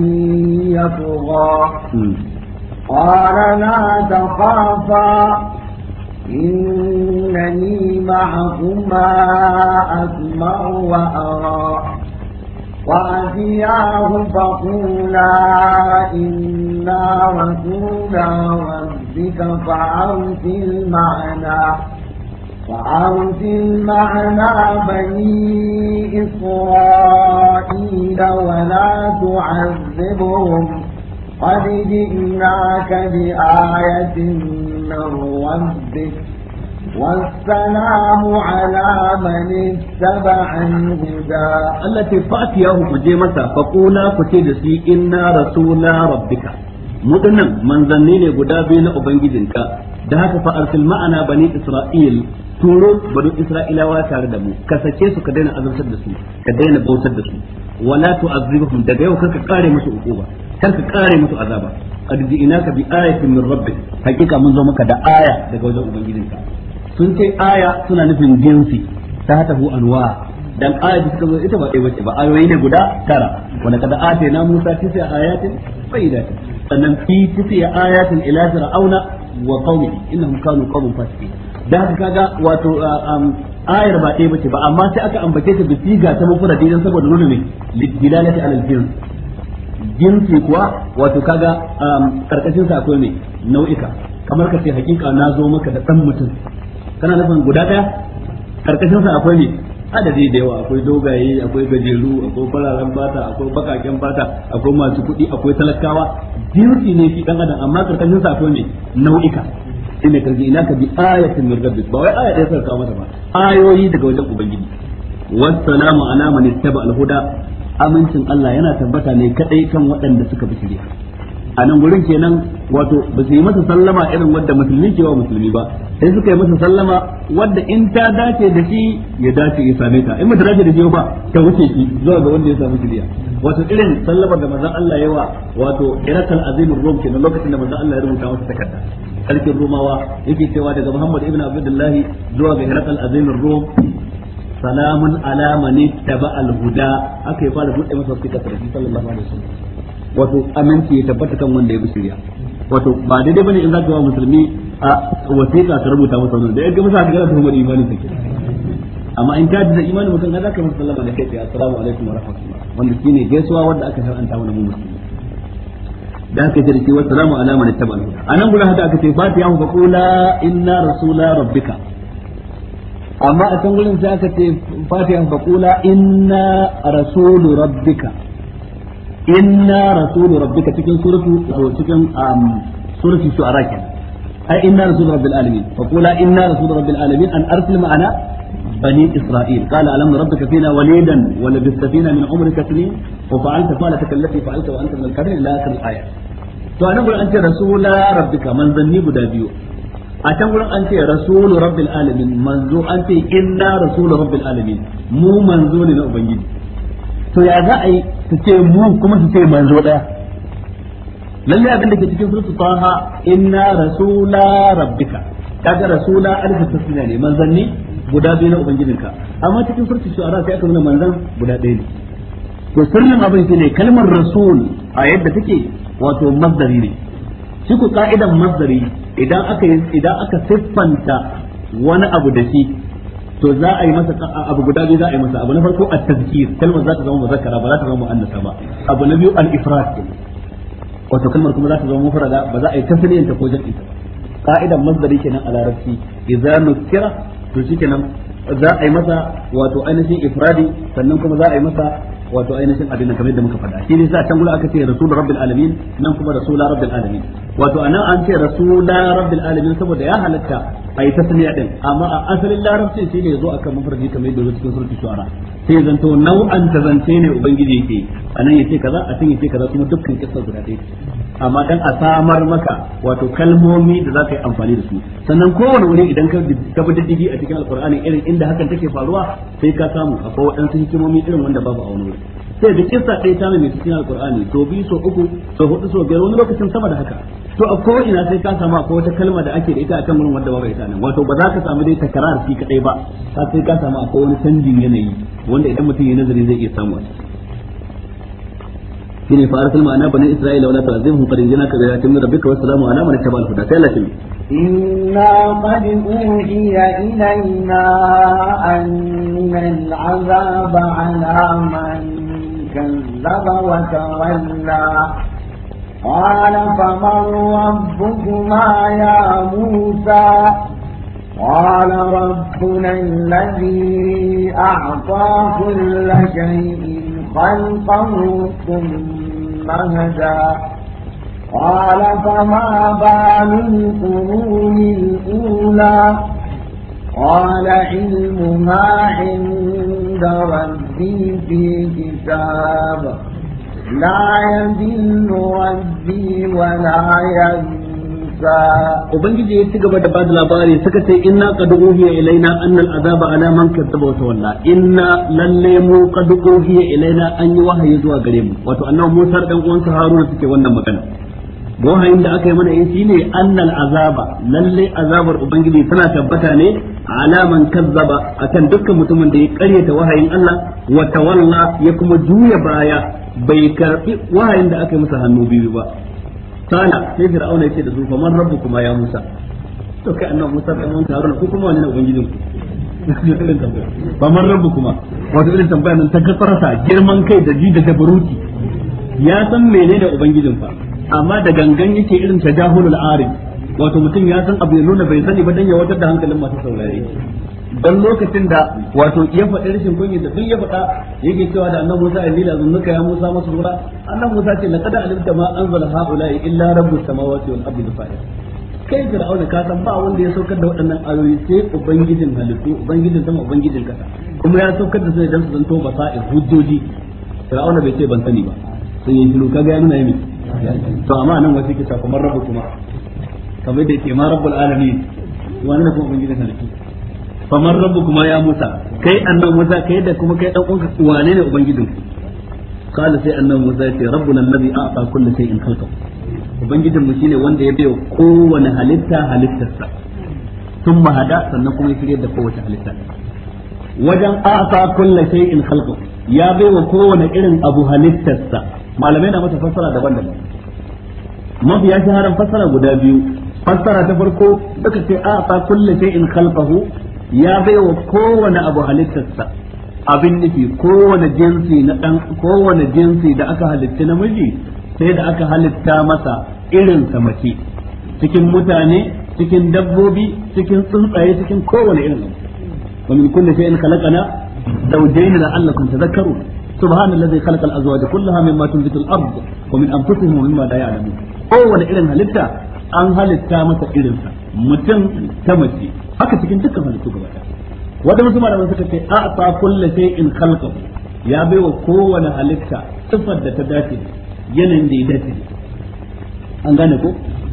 يطغى قال لا تخافا إنني معكما أسمع وأرى وأتياه فقولا إنا رسولا ربك فأرسل معنا فأرسل معنا بني إسرائيل ولا تعذبهم قد جئناك بآية من ربك والسلام على من اتبع الهدى التي فأتياه مجيمة فقولا فتيد سي إنا رسول ربك مدنم من ظنين قدا بين أبنجدنك دهك فأرسل معنا بني إسرائيل turo bani isra'ilawa tare da mu ka sake su ka daina azabtar da su ka daina bautar da su wala tu'azibuhum daga yau karka kare musu ukuba karka kare musu azaba qad ji'inaka bi ayatin min rabbik hakika mun zo maka da aya daga wajen ubangijinka sun ce aya suna nufin jinsi ta hata hu anwa dan aya da suka zo ita ba ɗaya bace ba ayoyi ne guda tara wanda kada na Musa tisa ayatin bayyinatin sannan fi tisa ayatin ila fir'auna wa qaumihi innahum kanu qauman fasiqin dan haka kaga wato ayar ba ɗaya bace ba amma sai aka ambace ta da siga ta mafuradi dan saboda nuna ne lidilalati alal jins jinsi kuwa wato kaga karkashin sa akwai ne nau'ika kamar ka ce hakika na zo maka da dan mutum kana nufin guda daya karkashin sa akwai ne adadi da yawa akwai dogaye akwai gajeru akwai fararen fata akwai bakaken fata akwai masu kuɗi akwai talakawa jinsi ne fi dan adam amma karkashin sa akwai ne nau'ika inna kalji ina ka bi ayatin min rabbik ba wai aya ɗaya sai kawo mata ba ayoyi daga wajen ubangiji wassalamu ala man ittaba al-huda amincin Allah yana tabbata ne kadai kan waɗanda suka bi shari'a anan gurin kenan wato ba su yi masa sallama irin wadda musulmi ke wa musulmi ba sai suka yi masa sallama wadda in ta dace da shi ya dace ya same ta in ba ta dace da shi ba ta wuce shi zuwa ga wanda ya samu shiriya wato irin sallamar da manzon Allah yawa wato irakal azimur rum kenan lokacin da manzon Allah ya rubuta masa takarda sarkin rumawa yake cewa daga Muhammad ibn Abdullah zuwa ga irakal azimur rum salamun ala man ittaba al-huda aka yi fara buɗe masa wasiƙa sallallahu alaihi wasallam wato aminci ya tabbata kan wanda ya bi shiriya wato ba daidai bane in za ka wa musulmi a wasiƙa ta rubuta masa wannan da yadda masa ka gana tuhumar imanin sa amma in ka ji da imanin mutum za ka masa sallama da kai assalamu alaikum wa rahmatullah wanda shi ne gaisuwa wanda aka shar'anta mana mu musulmi da aka ce da wa salamu ala man tabi'a anan gurin haka aka ce fatiha fa qula inna rasula rabbika amma a can gurin sai aka ce fatiha fa qula inna rasulu rabbika inna rasulu rabbika cikin suratu cikin um, suratu shu'ara kenan ai inna rasulu rabbil alamin fa qula inna rasulu rabbil alamin an arsil ma'ana Isra'il. بني إسرائيل قال ألم ربك فينا وليدا ولبثت فينا من عمرك سنين وفعلت فعلتك التي فعلت وأنت من الكافرين إلى آخر الآية to anan gurin an ce rasula rabbika manzanni guda biyu a can gurin an ce rasulu rabbil alamin manzo an ce inna rasulu rabbil alamin mu manzo ne na ubangiji to ya za a yi su ce mu kuma su ce manzo ɗaya lalle abin da ke cikin ta ha inna rasula rabbika kaga rasula alif tasniya ne ne guda biyu na ubangijinka amma cikin suratul shu'ara sai aka nuna manzan guda ɗaya ne to sirrin abin ne kalmar rasul a yadda take wato mazari ne shi ku ka'idan masdari idan aka idan aka siffanta wani abu da shi to za a yi masa abu guda biyu za a yi masa abu na farko at-tazkir kalmar za ta zama muzakkara ba za ta zama muannasa ba abu na biyu al-ifrad wato kalmar kuma za ta zama mufrada ba za a yi tasniyanta ko jam'i ba ka'idan masdari kenan a larabci idza nukira to shikenan za a yi masa wato ainihin ifradi sannan kuma za a yi masa wato ainihin abin nan kamar yadda muka faɗa shi ne sa can gula aka ce rasulur rabbil alamin nan kuma rasula rabbil alamin wato anan an ce rasu rabbil alamin saboda ya halatta a yi tasmiya din amma a asalin larabcin shi ne zo akan mafarki kamar yadda zo cikin surti shuara sai zanto nau'an ta zance ne ubangiji yake anan ce kaza a can ce kaza kuma dukkan kissa guda ɗaya amma dan a samar maka wato kalmomi da za ka yi amfani da su sannan kowane wuri idan ka gaba diddigi a cikin alkur'ani irin inda hakan take faruwa sai ka samu akwai waɗansu hikimomi irin wanda babu a wani wuri sai da kissa ɗaya ta mai cikin alkur'ani to biyu so uku so hudu so biyar wani lokacin sama da haka to a ko ina sai ka samu akwai wata kalma da ake da ita akan wurin wanda babu ita nan wato ba za ka samu dai takarar fi kaɗai ba sai ka samu akwai wani canjin yanayi wanda idan mutum ya nazari zai iya samu a shine fa arsil ma'ana bani isra'ila wala ta'zimhum qad ka bi hakim rabbika wa salamu ala man tabal huda sai Allah inna qad uhiya ilayna annal azaba ala man kazzaba wa tawalla قال فمن ربكما يا موسى قال ربنا الذي أعطى كل شيء خلقه ثم مهدا قال فما بال القرون الأولى قال علمها عند ربي في كتاب لا يذل ربي ولا يذل ubangiji ya ci gaba da bada labari suka ce inna qad uhiya ilaina al azaba ala man kadaba wa tawalla inna lalle mu qad uhiya ilaina an yi wahayi zuwa gare mu wato annabi Musa dan uwansa Haruna suke wannan magana wahayin da aka yi mana yin shine al azaba lalle azabar ubangiji tana tabbata ne ala man kadaba akan dukkan mutumin da ya karyata wahayin Allah wa tawalla ya kuma juya baya bai karbi wahayin da aka yi masa hannu biyu ba kana sai fir'auna yake da su fa man kuma ya musa to kai annabi musa da mun haruna ko kuma wannan ubangijin ku fa man rabbu kuma wato irin tambaya nan ta kafarsa girman kai da ji da dabaruki ya san da ubangijin fa amma da gangan yake irin tajahulul arif wato mutum ya san abu ya nuna bai sani ba dan ya wadar da hankalin masu saurare dan lokacin da wato ya faɗi rashin kunya da duk ya faɗa yake cewa da annabi Musa inni la zunnuka ya Musa masrura annabi Musa ce laqad alimta ma anzala haula illa rabbus samawati wal ardi fa'il kai fir'auna ka san ba wanda ya saukar da waɗannan ayoyi sai ubangijin halittu ubangijin sama ubangijin kasa kuma ya saukar da su ne dan su zanto basa'ir hujjoji fir'auna bai ce ban sani ba sai ya shiru kaga ya nuna yi to amma nan wasu kisa kamar rabu kuma kamar da yake ma rabbul alamin wannan kuma ubangijin halittu faman kuma ya musa kai annabi musa kai da kuma kai dan uwanka wane ne ubangijinku قال سي أن موسى ربنا الذي أعطى كل شيء خلقه ubangijin mu shine wanda ya bayo kowane halitta halittarsa sun mahada sannan kuma ya shirya da kowace halitta wajen kulle sai in kalka. ya baiwa kowane irin abu halittarsa malamai na mata fassara daban-daban Mafi ya shaharan fassara guda biyu fassara ta farko duka sai a'ta kullu shay'in khalqahu ya baiwa kowane abu halittarsa abin nufi kowane jinsi na dan kowane jinsi da aka halitta namiji sai da aka halitta masa irin sa mace cikin mutane cikin dabbobi cikin tsuntsaye cikin kowane irin wa min kulli shay'in khalaqana zawjayn la'allakum tadhakkarun سبحان الذي خلق الأزواج كلها مما تنبت الأرض ومن أنفسهم ومما لا يعلمون kowane irin halitta an halitta masa irinsa mutum ta mace haka cikin dukkan halittu gaba ɗaya wanda wasu malaman suka ce a ta sai shay'in khalqahu ya baiwa kowane halitta sifar da ta dace yanayin da ya dace an gane ko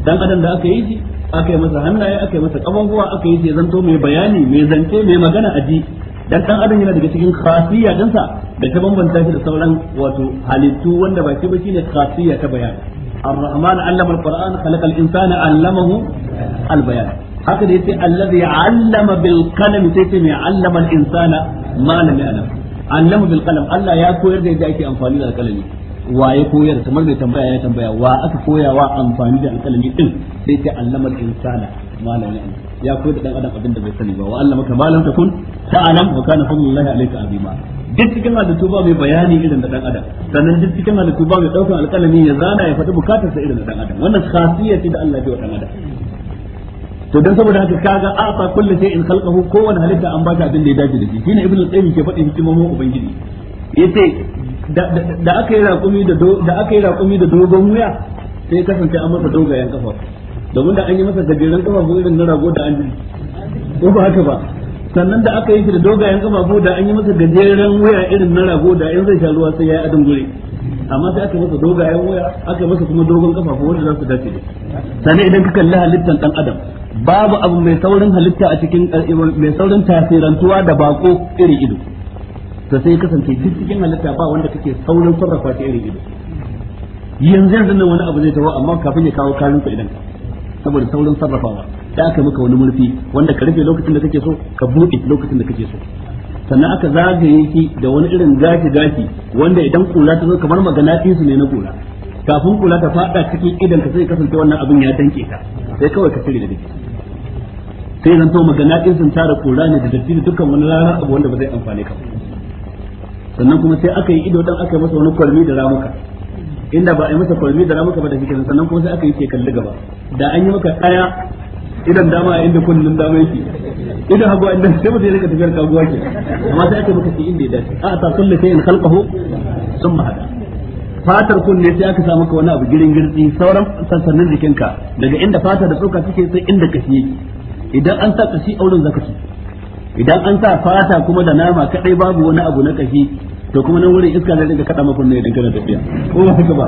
dan adam da aka yi shi aka yi masa hannaye aka yi masa kafafuwa aka yi shi zanto mai bayani mai zance mai magana a ji dan dan adam yana daga cikin khasiyya dinsa da ta bambanta shi da sauran wato halittu wanda ba shi ba shine khasiyya ta bayani الرحمن علم القرآن خلق الإنسان علمه البيان haka da yace allazi allama bil qalam sai ce mai allama al insana ma lam ya'lam allama bil qalam Allah ya koyar da yadda ake amfani da alkalami wa ya koyar kamar mai tambaya ya tambaya wa aka koya wa amfani da alkalami din sai ce allama al insana ma lam ya'lam ya koyar da dan adam abin da bai sani ba wa allama kama lam takun ta'lam wa kana fadlullahi alayka azima duk cikin halittu ba mai bayani irin da dan adam sannan duk cikin halittu ba mai daukan alkalami ya zana ya faɗi bukatarsa irin da dan adam wannan khasiyya ce da Allah ya wa dan adam to dan saboda haka kaga a fa kullu in khalqahu kowani halitta an baka abin da ya dace da shi shine ibnu qayyim ke faɗin hikimomin ubangiji yace da aka yi raƙumi da da aka yi raƙumi da dogon wuya sai kasance an masa dogayen kafa domin da an yi masa gajeren kafa ko irin na rago da an ji ko ba haka ba sannan da aka yi shi da dogayen kafafu da an yi masa gajeren wuya irin na rago da in zai sha ruwa sai ya yi adon gure amma sai aka masa dogayen wuya aka masa kuma dogon ko wanda za su dace da sannan idan ka kalli halittan dan adam babu abu mai saurin halitta a cikin eh, mai saurin tasirantuwa da bako iri ido to sai kasance duk cikin halitta ba wanda kake saurin sarrafa ta iri ido yanzu yanzu nan wani abu zai taho amma kafin ya kawo karin ku idan saboda saurin sarrafawa da aka maka wani murfi wanda ka rufe lokacin da kake so ka buɗe lokacin da kake so sannan aka zagaye shi da wani irin gashi gashi wanda idan kula ta zo kamar magana su ne na kula kafin kula ta faɗa cikin idan ka sai kasance wannan abin ya danke ta sai kawai ka cire da dake sai zan to magana in sun tara kura ne da datti da dukkan wani rana abu wanda ba zai amfane ka sannan kuma sai aka yi ido dan aka yi masa wani kwalmi da ramuka inda ba a yi masa kwalmi da ramuka ba da cikin sannan kuma sai aka yi ke kalli gaba da an yi maka kaya idan dama a inda kullun dama yake idan hagu inda sai mutum ya rika tafiyar kaguwa ke amma sai aka maka shi inda ya dace a ta kullu sai in khalqahu thumma hada fatar kunne sai aka samu ka wani abu girin girtsi sauran sassanin jikinka daga inda fata da tsoka take sai inda kashi yake idan an sa kashi auren zaka ci idan an sa fata kuma da nama kadai babu wani abu na kashi to kuma nan wurin iska zai dinga kada maka ne idan kana tafiya ko ba haka ba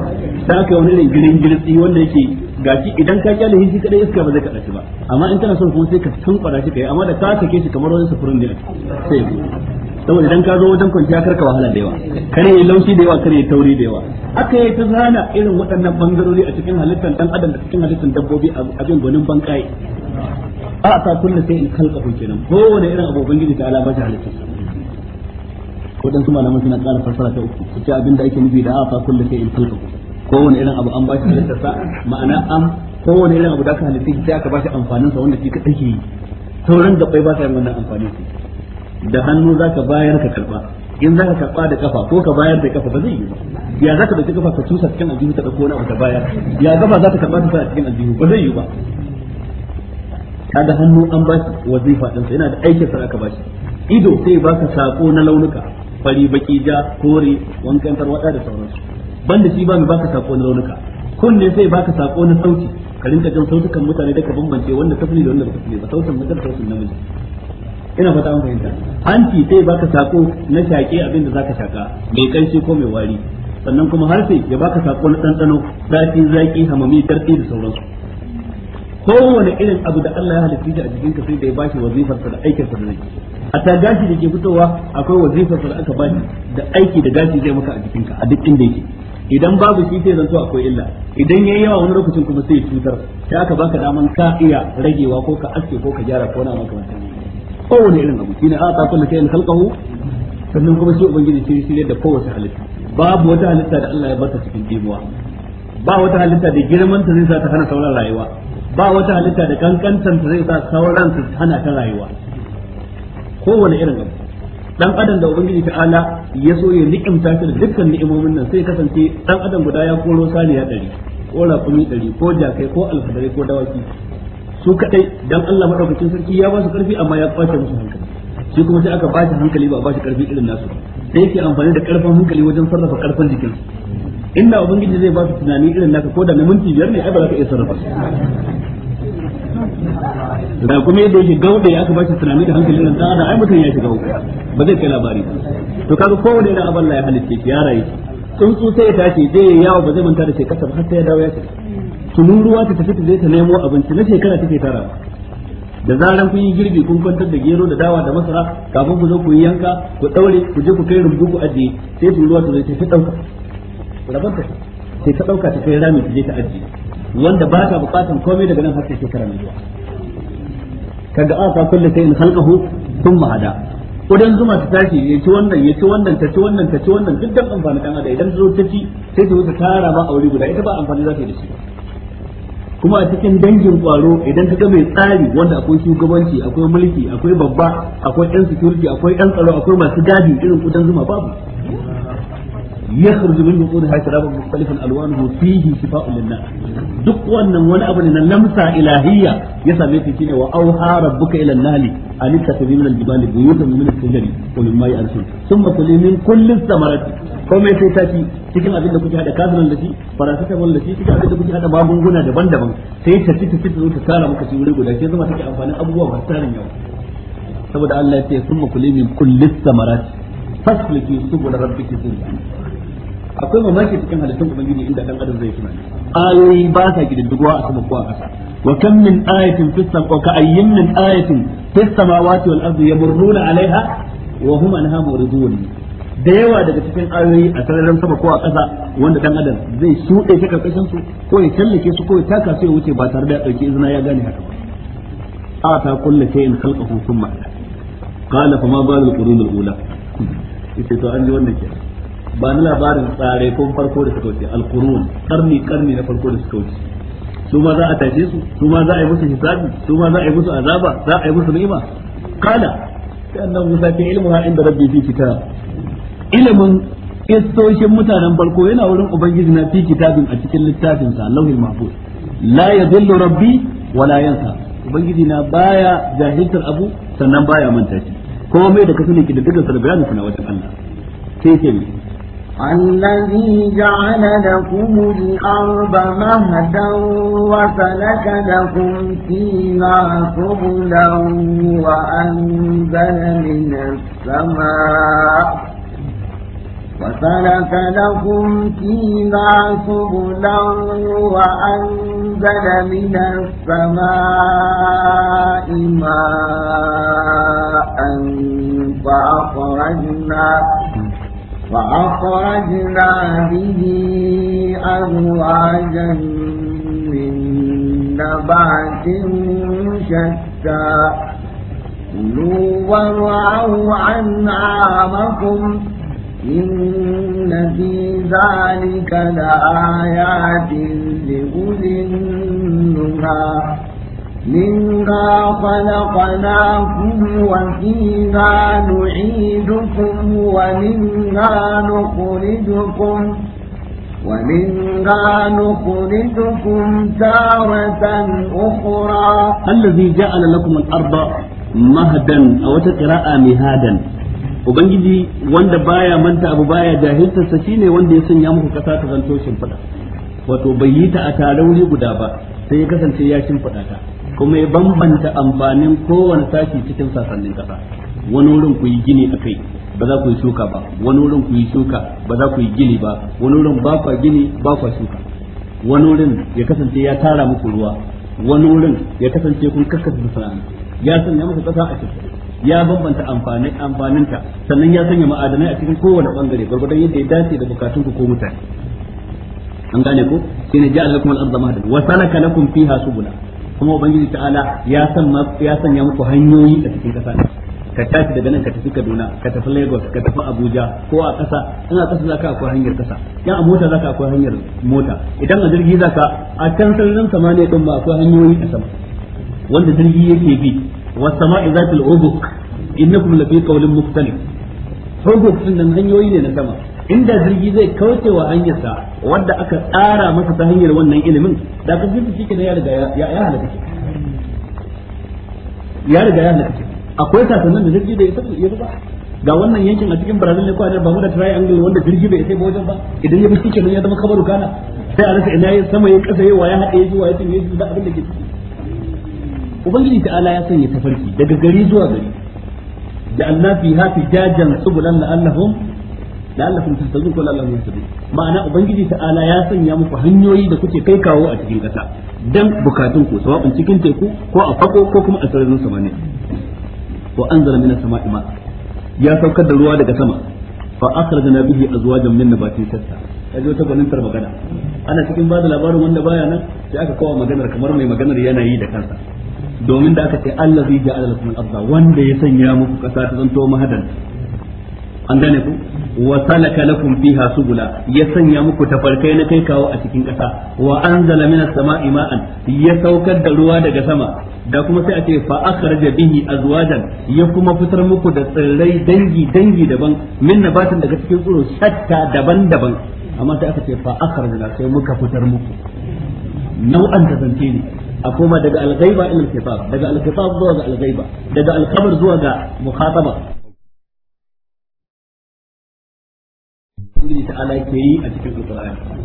sai aka wani ne girin girin girtsi wanda yake gaci idan ka kyale shi kadai iska ba zai kada shi ba amma in kana son kuma sai ka tunkura shi kai amma da ka take shi kamar wani sufurin ne sai saboda idan ka zo wajen kwanciya karka wahala da yawa kare yi laushi da yawa kare yi tauri da yawa aka yi ta zana irin waɗannan bangarori a cikin halittar dan adam da cikin halittar dabbobi abin gwanin bankai a ta kullu sai in khalqahu kenan kowane irin abu ubangiji ta ala ba ko dan waɗansu malaman suna ƙara fassara ta uku su ce abinda ake nufi da a ta kullu sai in ko kowane irin abu an bashi shi halitta sa ma'ana an kowane irin abu da ka halitta sai aka bashi amfanin sa wanda shi kadai ke yi sauran bai ba sa wannan amfani da hannu zaka bayar ka karba in zaka ka da kafa ko ka bayar da kafa ba zai yi ba ya za ka kafa ka tusa cikin aljihu ta ɗauko na ka ta bayar ya kafa za ka ta cikin aljihu ba zai yi ba da hannu an bashi wazifa din sa yana da aikin sa aka bashi ido sai baka sako na launuka fari baki ja kore wankan tarwada da sauransu banda shi ba mai baka sako na launuka kunne sai baka sako na sauti ka rinka jin sautukan mutane da ka bambance wanda ka sani da wanda ba ka sani ba sautin mutum sautin namiji ina fata an fahimta hanci sai baka sako na shaƙe abin da zaka shaƙa mai kanshi ko mai wari sannan kuma harshe ya baka sako na ɗanɗano zafi zaki hamami tarti da sauransu kowane irin abu da Allah ya halitta shi a jikin ka sai da ya bashi wazifar sa da aikin sa da zai a ta gashi da ke fitowa akwai wazifar sa da aka bashi da aiki da gashi zai maka a jikin ka a duk inda yake idan babu shi sai zanto akwai illa idan yayi yawa wani lokacin kuma sai ya cutar sai aka baka daman ka iya ragewa ko ka aske ko ka gyara ko na maka wani kowane irin abu shine a ta kullu kayan khalqahu sannan kuma shi ubangiji shi shirye da kowace halitta babu wata halitta da Allah ya bata cikin dimuwa ba wata halitta da girman ta zai sa ta hana sauran rayuwa ba wata halitta da kankantar ta zai sa sauran su hana ta rayuwa kowane irin abu dan adam da ubangiji ta'ala ya so ya ni'imta shi da dukkan ni'imomin nan sai kasance dan adam guda ya koro saniya dari ko rakumi ɗari ko jakai ko alfadari ko dawaki su kadai dan Allah madaukakin sarki ya ba su karfi amma ya kwace musu hankali shi kuma sai aka ba shi hankali ba ba shi karfi irin nasu sai yake amfani da karfin hankali wajen sarrafa karfin jikin inda ubangiji zai ba su tunani irin naka ko da na minti biyar ne ai ba za ka iya sarrafa da kuma yadda yake gauda ya bashi tunani da hankalin nan da ai mutum ya shiga uku ba zai kai labari to kaga kowane da aballa ya halitta ya rayu tsuntsu sai ya tashi zai yi yawo ba zai manta da shekarsa ba har sai ya dawo ya ce. tunun ruwa ta tafi zai ta nemo abinci na shekara take tara da zaran kun yi girbi kun kwantar da gero da dawa da masara kafin ku zo ku yi yanka ku daure ku je ku kai rumbu ku ajiye sai tunun ruwa ta zai ta ɗauka rabanta sai ta ɗauka ta kai rami ta je ta ajiye wanda ba ta bukatan komai daga nan har sai shekara mai zuwa kaga a ka kullu in halqahu thumma hada kudan zuma ta tashi ya ci wannan ya ci wannan ta ci wannan ta ci wannan duk dan amfani dan adai idan zo ta ci sai ta wuce tara ba aure guda ita ba amfani za ta yi da shi kuma a cikin dangin kwaro idan ka ga mai tsari wanda akwai shugabanci akwai mulki akwai babba akwai yan security akwai yan tsaro akwai masu gadi irin kudan zuma babu yakhruju min butunha sharabun mukhtalifun alwanuhu fihi shifaa'un lin-nas duk wannan wani abu ne na lamsa ilahiyya ya same shi shine wa auha rabbuka ila an-nahli an tattabi min al-jibali buyutan min al-shajari wa mimma min kulli ta ci cikin abin da kuke hada kazanan da shi paracetamol da shi cikin abin da kuke hada magunguna daban-daban sai ta ci ta ci ta zo ta tara maka guda sai zama take amfanin abubuwa masu tarin yau? saboda Allah ya ce summa kulli min kulli thamarati fasluki subul rabbiki zulma akwai mamaki cikin halittun ne inda dan adam zai tunani ayoyi ba sa kididdigowa a sama ko a ƙasa wa kam min ayatin fis samawati ka ayyin min ayatin fis samawati wal ardi yamurruna alaiha wa hum anha muridun da yawa daga cikin ayoyi a sararin sama ko a ƙasa wanda dan adam zai shuɗe ta karkashin su ko ya tallake su ko ya taka su ya wuce ba tare da ya ɗauki izina ya gane haka ba a ta kulla shay'in khalqahu thumma qala fa ma balu al-qurun al-ula ita to an ji wannan kenan ba na labarin tsare ko farko da suka wuce alqurun karni karni na farko da suka wuce su ma za a tashe su su ma za a yi musu hisabi su ma za a yi musu azaba za a yi musu ni'ima kala sai annabi Musa ke ilmu ha inda rabbi fi kitab ilimin kistoshin mutanen farko yana wurin ubangiji na fi kitabin a cikin littafin sa lauhil mahfuz la yadillu rabbi wala yansa ubangiji na baya jahiltar abu sannan baya manta shi komai da kasu ne ki da dukkan sa na wajen Allah sai ce الذي جعل لكم الأرض مهدا وسلك لكم فيها سبلا وأنزل من السماء وسلك لكم فيها سبلا وأنزل من السماء ماء فأخرجنا فأخرجنا به أزواجا من نبات شتى كلوا وارعوا أنعامكم إن في ذلك لآيات لأولي النهى منها خلقناكم وفيها نعيدكم ومنها نخرجكم ومنها نخرجكم تارة أخرى الذي جعل لكم الأرض مهدا أو تقراء مهادا Ubangiji wanda baya manta abu baya jahiltarsa shine wanda ya sanya muku kasa ta zanto shimfiɗa wato bai yi ta a guda ba sai ya kasance ya shimfiɗa kuma ya bambanta amfanin kowane sashi cikin sasannin kasa wani wurin ku yi gini a kai ba za ku yi shuka ba wani wurin ku yi shuka ba za ku yi gini ba wani wurin ba kwa gini ba kwa shuka wani wurin ya kasance ya tara muku ruwa wani wurin ya kasance kun karkasa sana'an ya sanya muku kasa a cikin ya bambanta amfanin amfaninta sannan ya sanya ma'adanai a cikin kowane bangare gurgurdan yadda ya dace da bukatun ku ko mutane an gane ko shine ja'al lakum al-ardha mahdan wa salaka lakum fiha subula kuma ubangiji ta'ala ya san ya sanya muku hanyoyi a cikin kasa ka tashi daga nan ka tafi Kaduna ka tafi Lagos ka tafi Abuja ko a kasa in a kasa zaka akwai hanyar kasa yan a mota zaka akwai hanyar mota idan a jirgi zaka a can sararin samaniya din ba akwai hanyoyi a sama wanda jirgi yake bi was sama'i zatil ubuq innakum lafi qawlin mukhtalif ubuq din nan hanyoyi ne na sama inda jirgi zai kauce wa hanyarsa wadda aka tsara masa ta hanyar wannan ilimin da ka jirgi shi kenan ya riga ya halaka shi ya riga ya halaka shi akwai sasannin da jirgi da ya ya zuba ga wannan yankin a cikin brazil ne ko a ba mu da triangle wanda jirgi bai sai ba wajen ba idan ya bi cikin ya zama kabaru kana sai a rasa ina ya sama ya kasa ya waya haɗe ya ji ya tinye ya da abin da ke ciki ubangiji ta ala ya sanya tafarki daga gari zuwa gari da annabi hafi jajan subulan la'annahum la'allakum tahtadun ko la'allakum tahtadun ma'ana ubangiji ta'ala ya sanya muku hanyoyi da kuke kai kawo a cikin kasa dan bukatun ku sawabin cikin teku ko a fako ko kuma a sararin samaniya wa anzala minas sama'i ma ya saukar da ruwa daga sama fa akhrajna bihi azwajan min nabatin shatta kaje wata gwanintar magana ana cikin bada labarin wanda baya nan sai aka kawo maganar kamar mai maganar yanayi da kansa domin da aka ce Allah, ja'ala lakum al-ardha wanda ya sanya muku kasa ta zanto mahadan an gane ku wa salaka lakum fiha subula ya sanya muku tafarkai na kai kawo a cikin ƙasa wa anzala minas sama'i ma'an ya saukar da ruwa daga sama da kuma sai a ce fa akhraja bihi azwajan ya kuma fitar muku da tsirrai dangi dangi daban min nabatin daga cikin tsiro shatta daban-daban amma sai aka ce fa akhrajna sai muka fitar muku nau'an da zance ne a koma daga alghaiba ila alkitab daga alkitab zuwa ga alghaiba daga alkhabar zuwa ga mukhataba ta'ala ke yi a cikin alqur'ani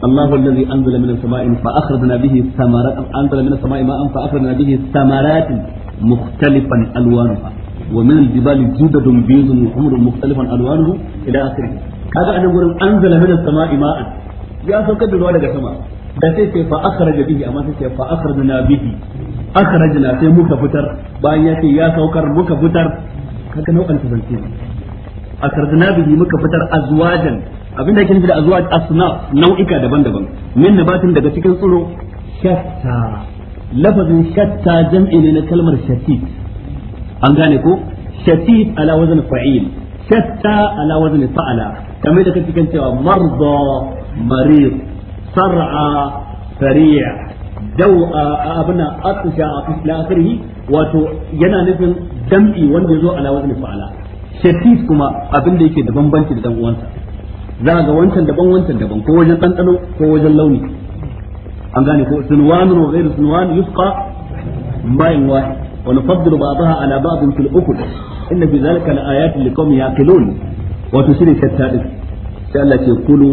الله الذي أنزل من السماء فأخرجنا به ثمرات أنزل من السماء ماء فأخرجنا به ثمرات مختلفا ألوانها ومن الجبال جدد بيض وحمر مختلفا ألوانه إلى آخره هذا أنا أقول أنزل من السماء ماء يا سوكد الوالد كما da sai ce fa akhraja bihi amma sai ce fa akhrajna bihi akhrajna sai muka fitar bayan ya ce ya saukar muka fitar kaga nau'an tazanci A akhrajna bihi muka fitar azwajan abinda yake nufi da azwaj asnaf nau'ika daban-daban min nabatin daga cikin tsiro shatta lafazin shatta jam'i ne na kalmar shatit an gane ko shatit ala wazn fa'il shatta ala wazn fa'ala kamar da kake cewa marda marid sar'a sari'a dawa abuna atsha ila akhirih wato yana nufin jam'i wanda yazo ala wazn fa'ala shatif kuma abin da yake da bambanci da dan uwansa za ga wancan daban wancan daban ko wajen ɗanɗano ko wajen launi an gane ko sunwanun wa ghairu sunwan yusqa ma'in wahid wa nufaddilu ba'daha ala ba'din fil ukul inna fi zalika laayatin liqaumin yaqilun wato shine shatta din sai Allah ce kulu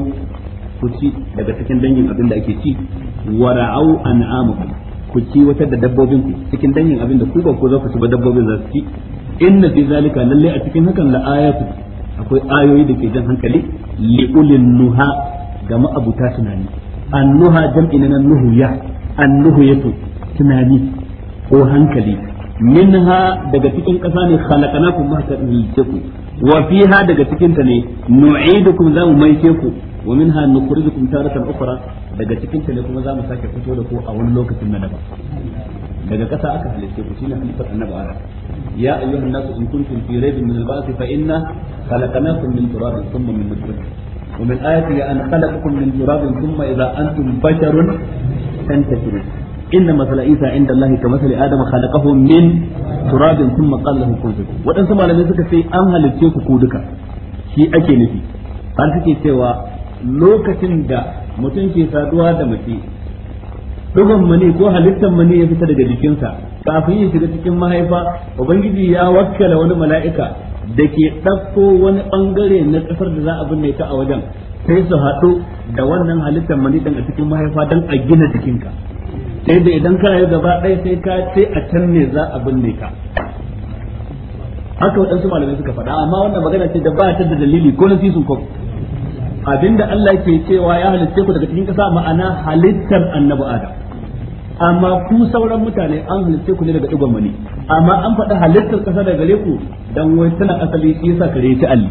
ku ci daga cikin dangin abin da ake ci wara'au an'amukum ku ci wata da dabbobin ku cikin dangin abin da ku ba ku za ku ci ba dabbobin za su ci inna fi zalika lalle a cikin hakan la ayatu akwai ayoyi da ke jan hankali li ulil nuha ga ma'abuta tunani annuha jam'i na nuhuya annuhuyatu tunani ko hankali minha daga cikin ƙasa ne khalaqnakum ma ta'lamu wa fiha daga cikin ta ne nu'idukum zamu maishe ku wa minha nukhrijukum taratan ukhra daga cikin ta ne kuma zamu sake fito da ku a wani lokacin na daba daga ƙasa aka halice ku shine halittar annabi Adam يا أيها الناس إن كنتم في ريب من البعث فإنا خلقناكم من تراب ثم من نطفة ومن آياته أن خلقكم من تراب ثم إذا أنتم بشر تنتشرون إن مثل عيسى عند الله كمثل آدم خلقه من تراب ثم قال له كن فيكون وأن سمع لم يسك في أن هل تيكو شيء أكي نفي هل تكي سوى lokacin da mutum ke saduwa da mace dugan mani ko halittar mani ya fita daga jikinsa kafin ya shiga cikin mahaifa ubangiji ya wakkala wani mala'ika da ke ɗauko wani bangare na kasar da za a binne ta a wajen sai su haɗu da wannan halittar mani a cikin mahaifa don a gina jikinka sai da idan kana yi gaba ɗaya sai ka ce a can ne za a binne ka haka waɗansu malamai suka faɗa amma wannan magana ce da ba ta da dalili ko na sisun ko abinda Allah ke cewa ya halitte ku daga cikin ƙasa ma'ana halittar annabi Adam amma ku sauran mutane an halitta ku ne daga digon mani amma an faɗi halittar ƙasa daga gare ku dan wai tana asali shi yasa kare ta alli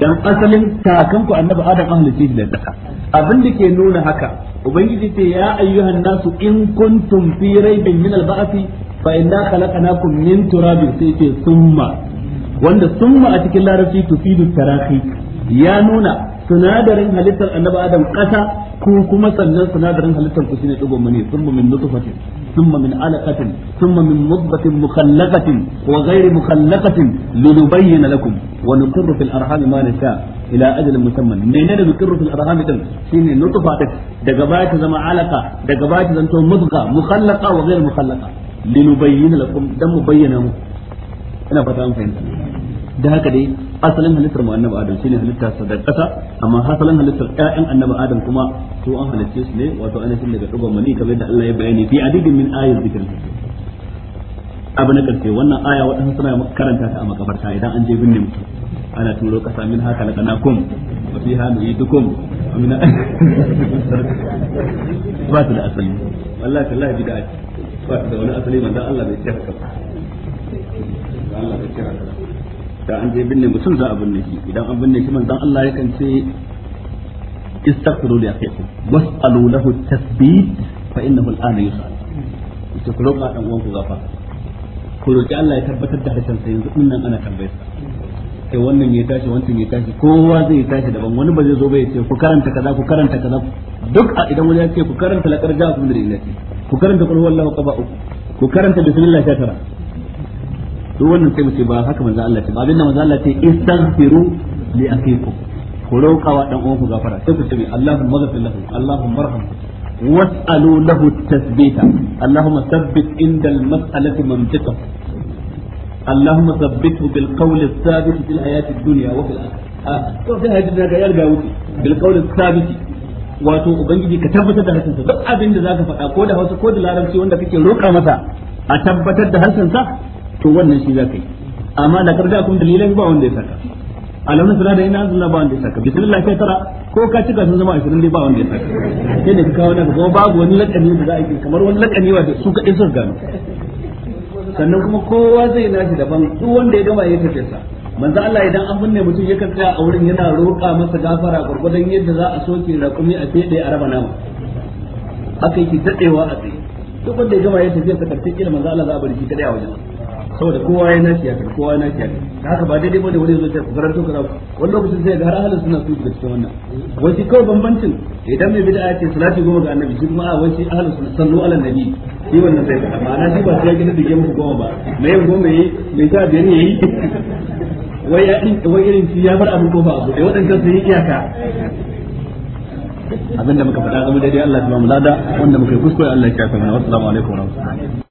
dan asalin kakan ku annabi adam an halitta shi da ƙasa abin da ke nuna haka ubangiji ce ya ayyuhan nasu in kuntum fi raibin min al-ba'thi fa inna khalaqnakum min turabin sai ce summa wanda summa a cikin larabci tufidu tarahi ya nuna sinadarin halittar annabi adam ƙasa ko kuma sannan sinadarin halittar ku shine digon mani thumma min nutfatin thumma min alaqatin thumma min mudghatin mukhallaqatin wa ghairi mukhallaqatin linubayyin lakum wa nuqirru fil arham ma nasha ila ajalin musamman ne menene nuqirru fil arham din shine nutfa ta daga baya ta zama alaqa daga baya ta zanto mudgha mukhallaqa wa ghairi mukhallaqa linubayyin lakum dan mu bayyana mu ina fata an fahimta da haka dai asalin halittar mu annabi adam shine halitta sa da kasa amma asalin halittar ƴaƴan annabi adam kuma to an halicce su ne wato an shi daga dugon mani kamar yadda Allah ya bayani fi adidin min ayatin zikr abu na karshe wannan aya wadannan suna karanta ta a makabarta idan an je binne mutum ana turo kasa min haka na kanakum wa fiha nu'idukum amina ba ta da asali wallahi tallahi bid'a ba ta da wani asali manzo Allah bai ce haka ba Allah bai ce haka da an je binne mutum za a binne shi idan an binne shi manzon Allah yakan ce istaghfiru li akhikum was'alu lahu tathbit fa innahu al'ana yus'al ita ku roƙa dan uwanku gafa ku roƙi Allah ya tabbatar da hakan sai yanzu nan ana tambayar sa sai wannan ya tashi wancan ya tashi kowa zai tashi daban wani ba zai zo ba ya ce ku karanta kaza ku karanta kaza duk a idan wani ya ce ku karanta laqad ja'akum min ilahi ku karanta qul huwallahu qaba ku karanta bismillah tara. duk wannan sai mu ba haka manzo Allah ce ba abinda manzo Allah ce istaghfiru li akikum ku roƙawa dan uwanku gafara sai ku ce Allahumma ghfir lahu Allahumma arhamhu واسألوا له التثبيت اللهم ثبت عند المسألة منطقه اللهم ثبته بالقول الثابت في الحياة الدنيا وفي الآخرة to sai hadisi na ga yarga wuce bil qawl thabit wato ubangiji ka tabbatar da harshen sa duk abin da zaka faɗa ko da Hausa ko da Larabci wanda kake roƙa masa a tabbatar da harshen sa to wannan shi zaka yi amma da karda kun dalilan ba wanda ya saka alamun sura da ina Allah ba wanda ya saka bismillah kai tara ko ka cika sun zama 20 dai ba wanda ya saka sai ne ka kawo naka Ko babu wani lakani da za a yi kamar wani lakani wa su kadai sun gano sannan kuma kowa zai nashi daban duk wanda ya gama ya tafi sa manzo Allah idan an binne mutum ya tsaya a wurin yana roƙa masa gafara gurgudan yadda za a soke raƙumi a fede a raba nama aka yi dadewa a tsaye duk wanda ya gama ya tafi sa karfe kila manzo Allah za a bari shi kadai a wajen saboda kowa ya nashi kai kowa ya nashi kai da haka ba daidai bane wani zo ta karanto kaza wani lokacin sai ga har halin suna su da cikin wannan wani kawai bambancin idan mai bid'a ce salati goma ga annabi shi kuma a ah, wani ahlus sunna sallu ala nabi shi wannan sai ka ma'ana shi ba sai ya gina dige muku goma ba mai yin goma yi mai ta biyar yayi wai ya wai irin shi ya bar abin ko ba abu da wadannan sai iyaka abinda muka faɗa zama daidai Allah ya ba mu lada wanda muka yi kuskure Allah ya kiyaye mana wassalamu alaikum wa rahmatullahi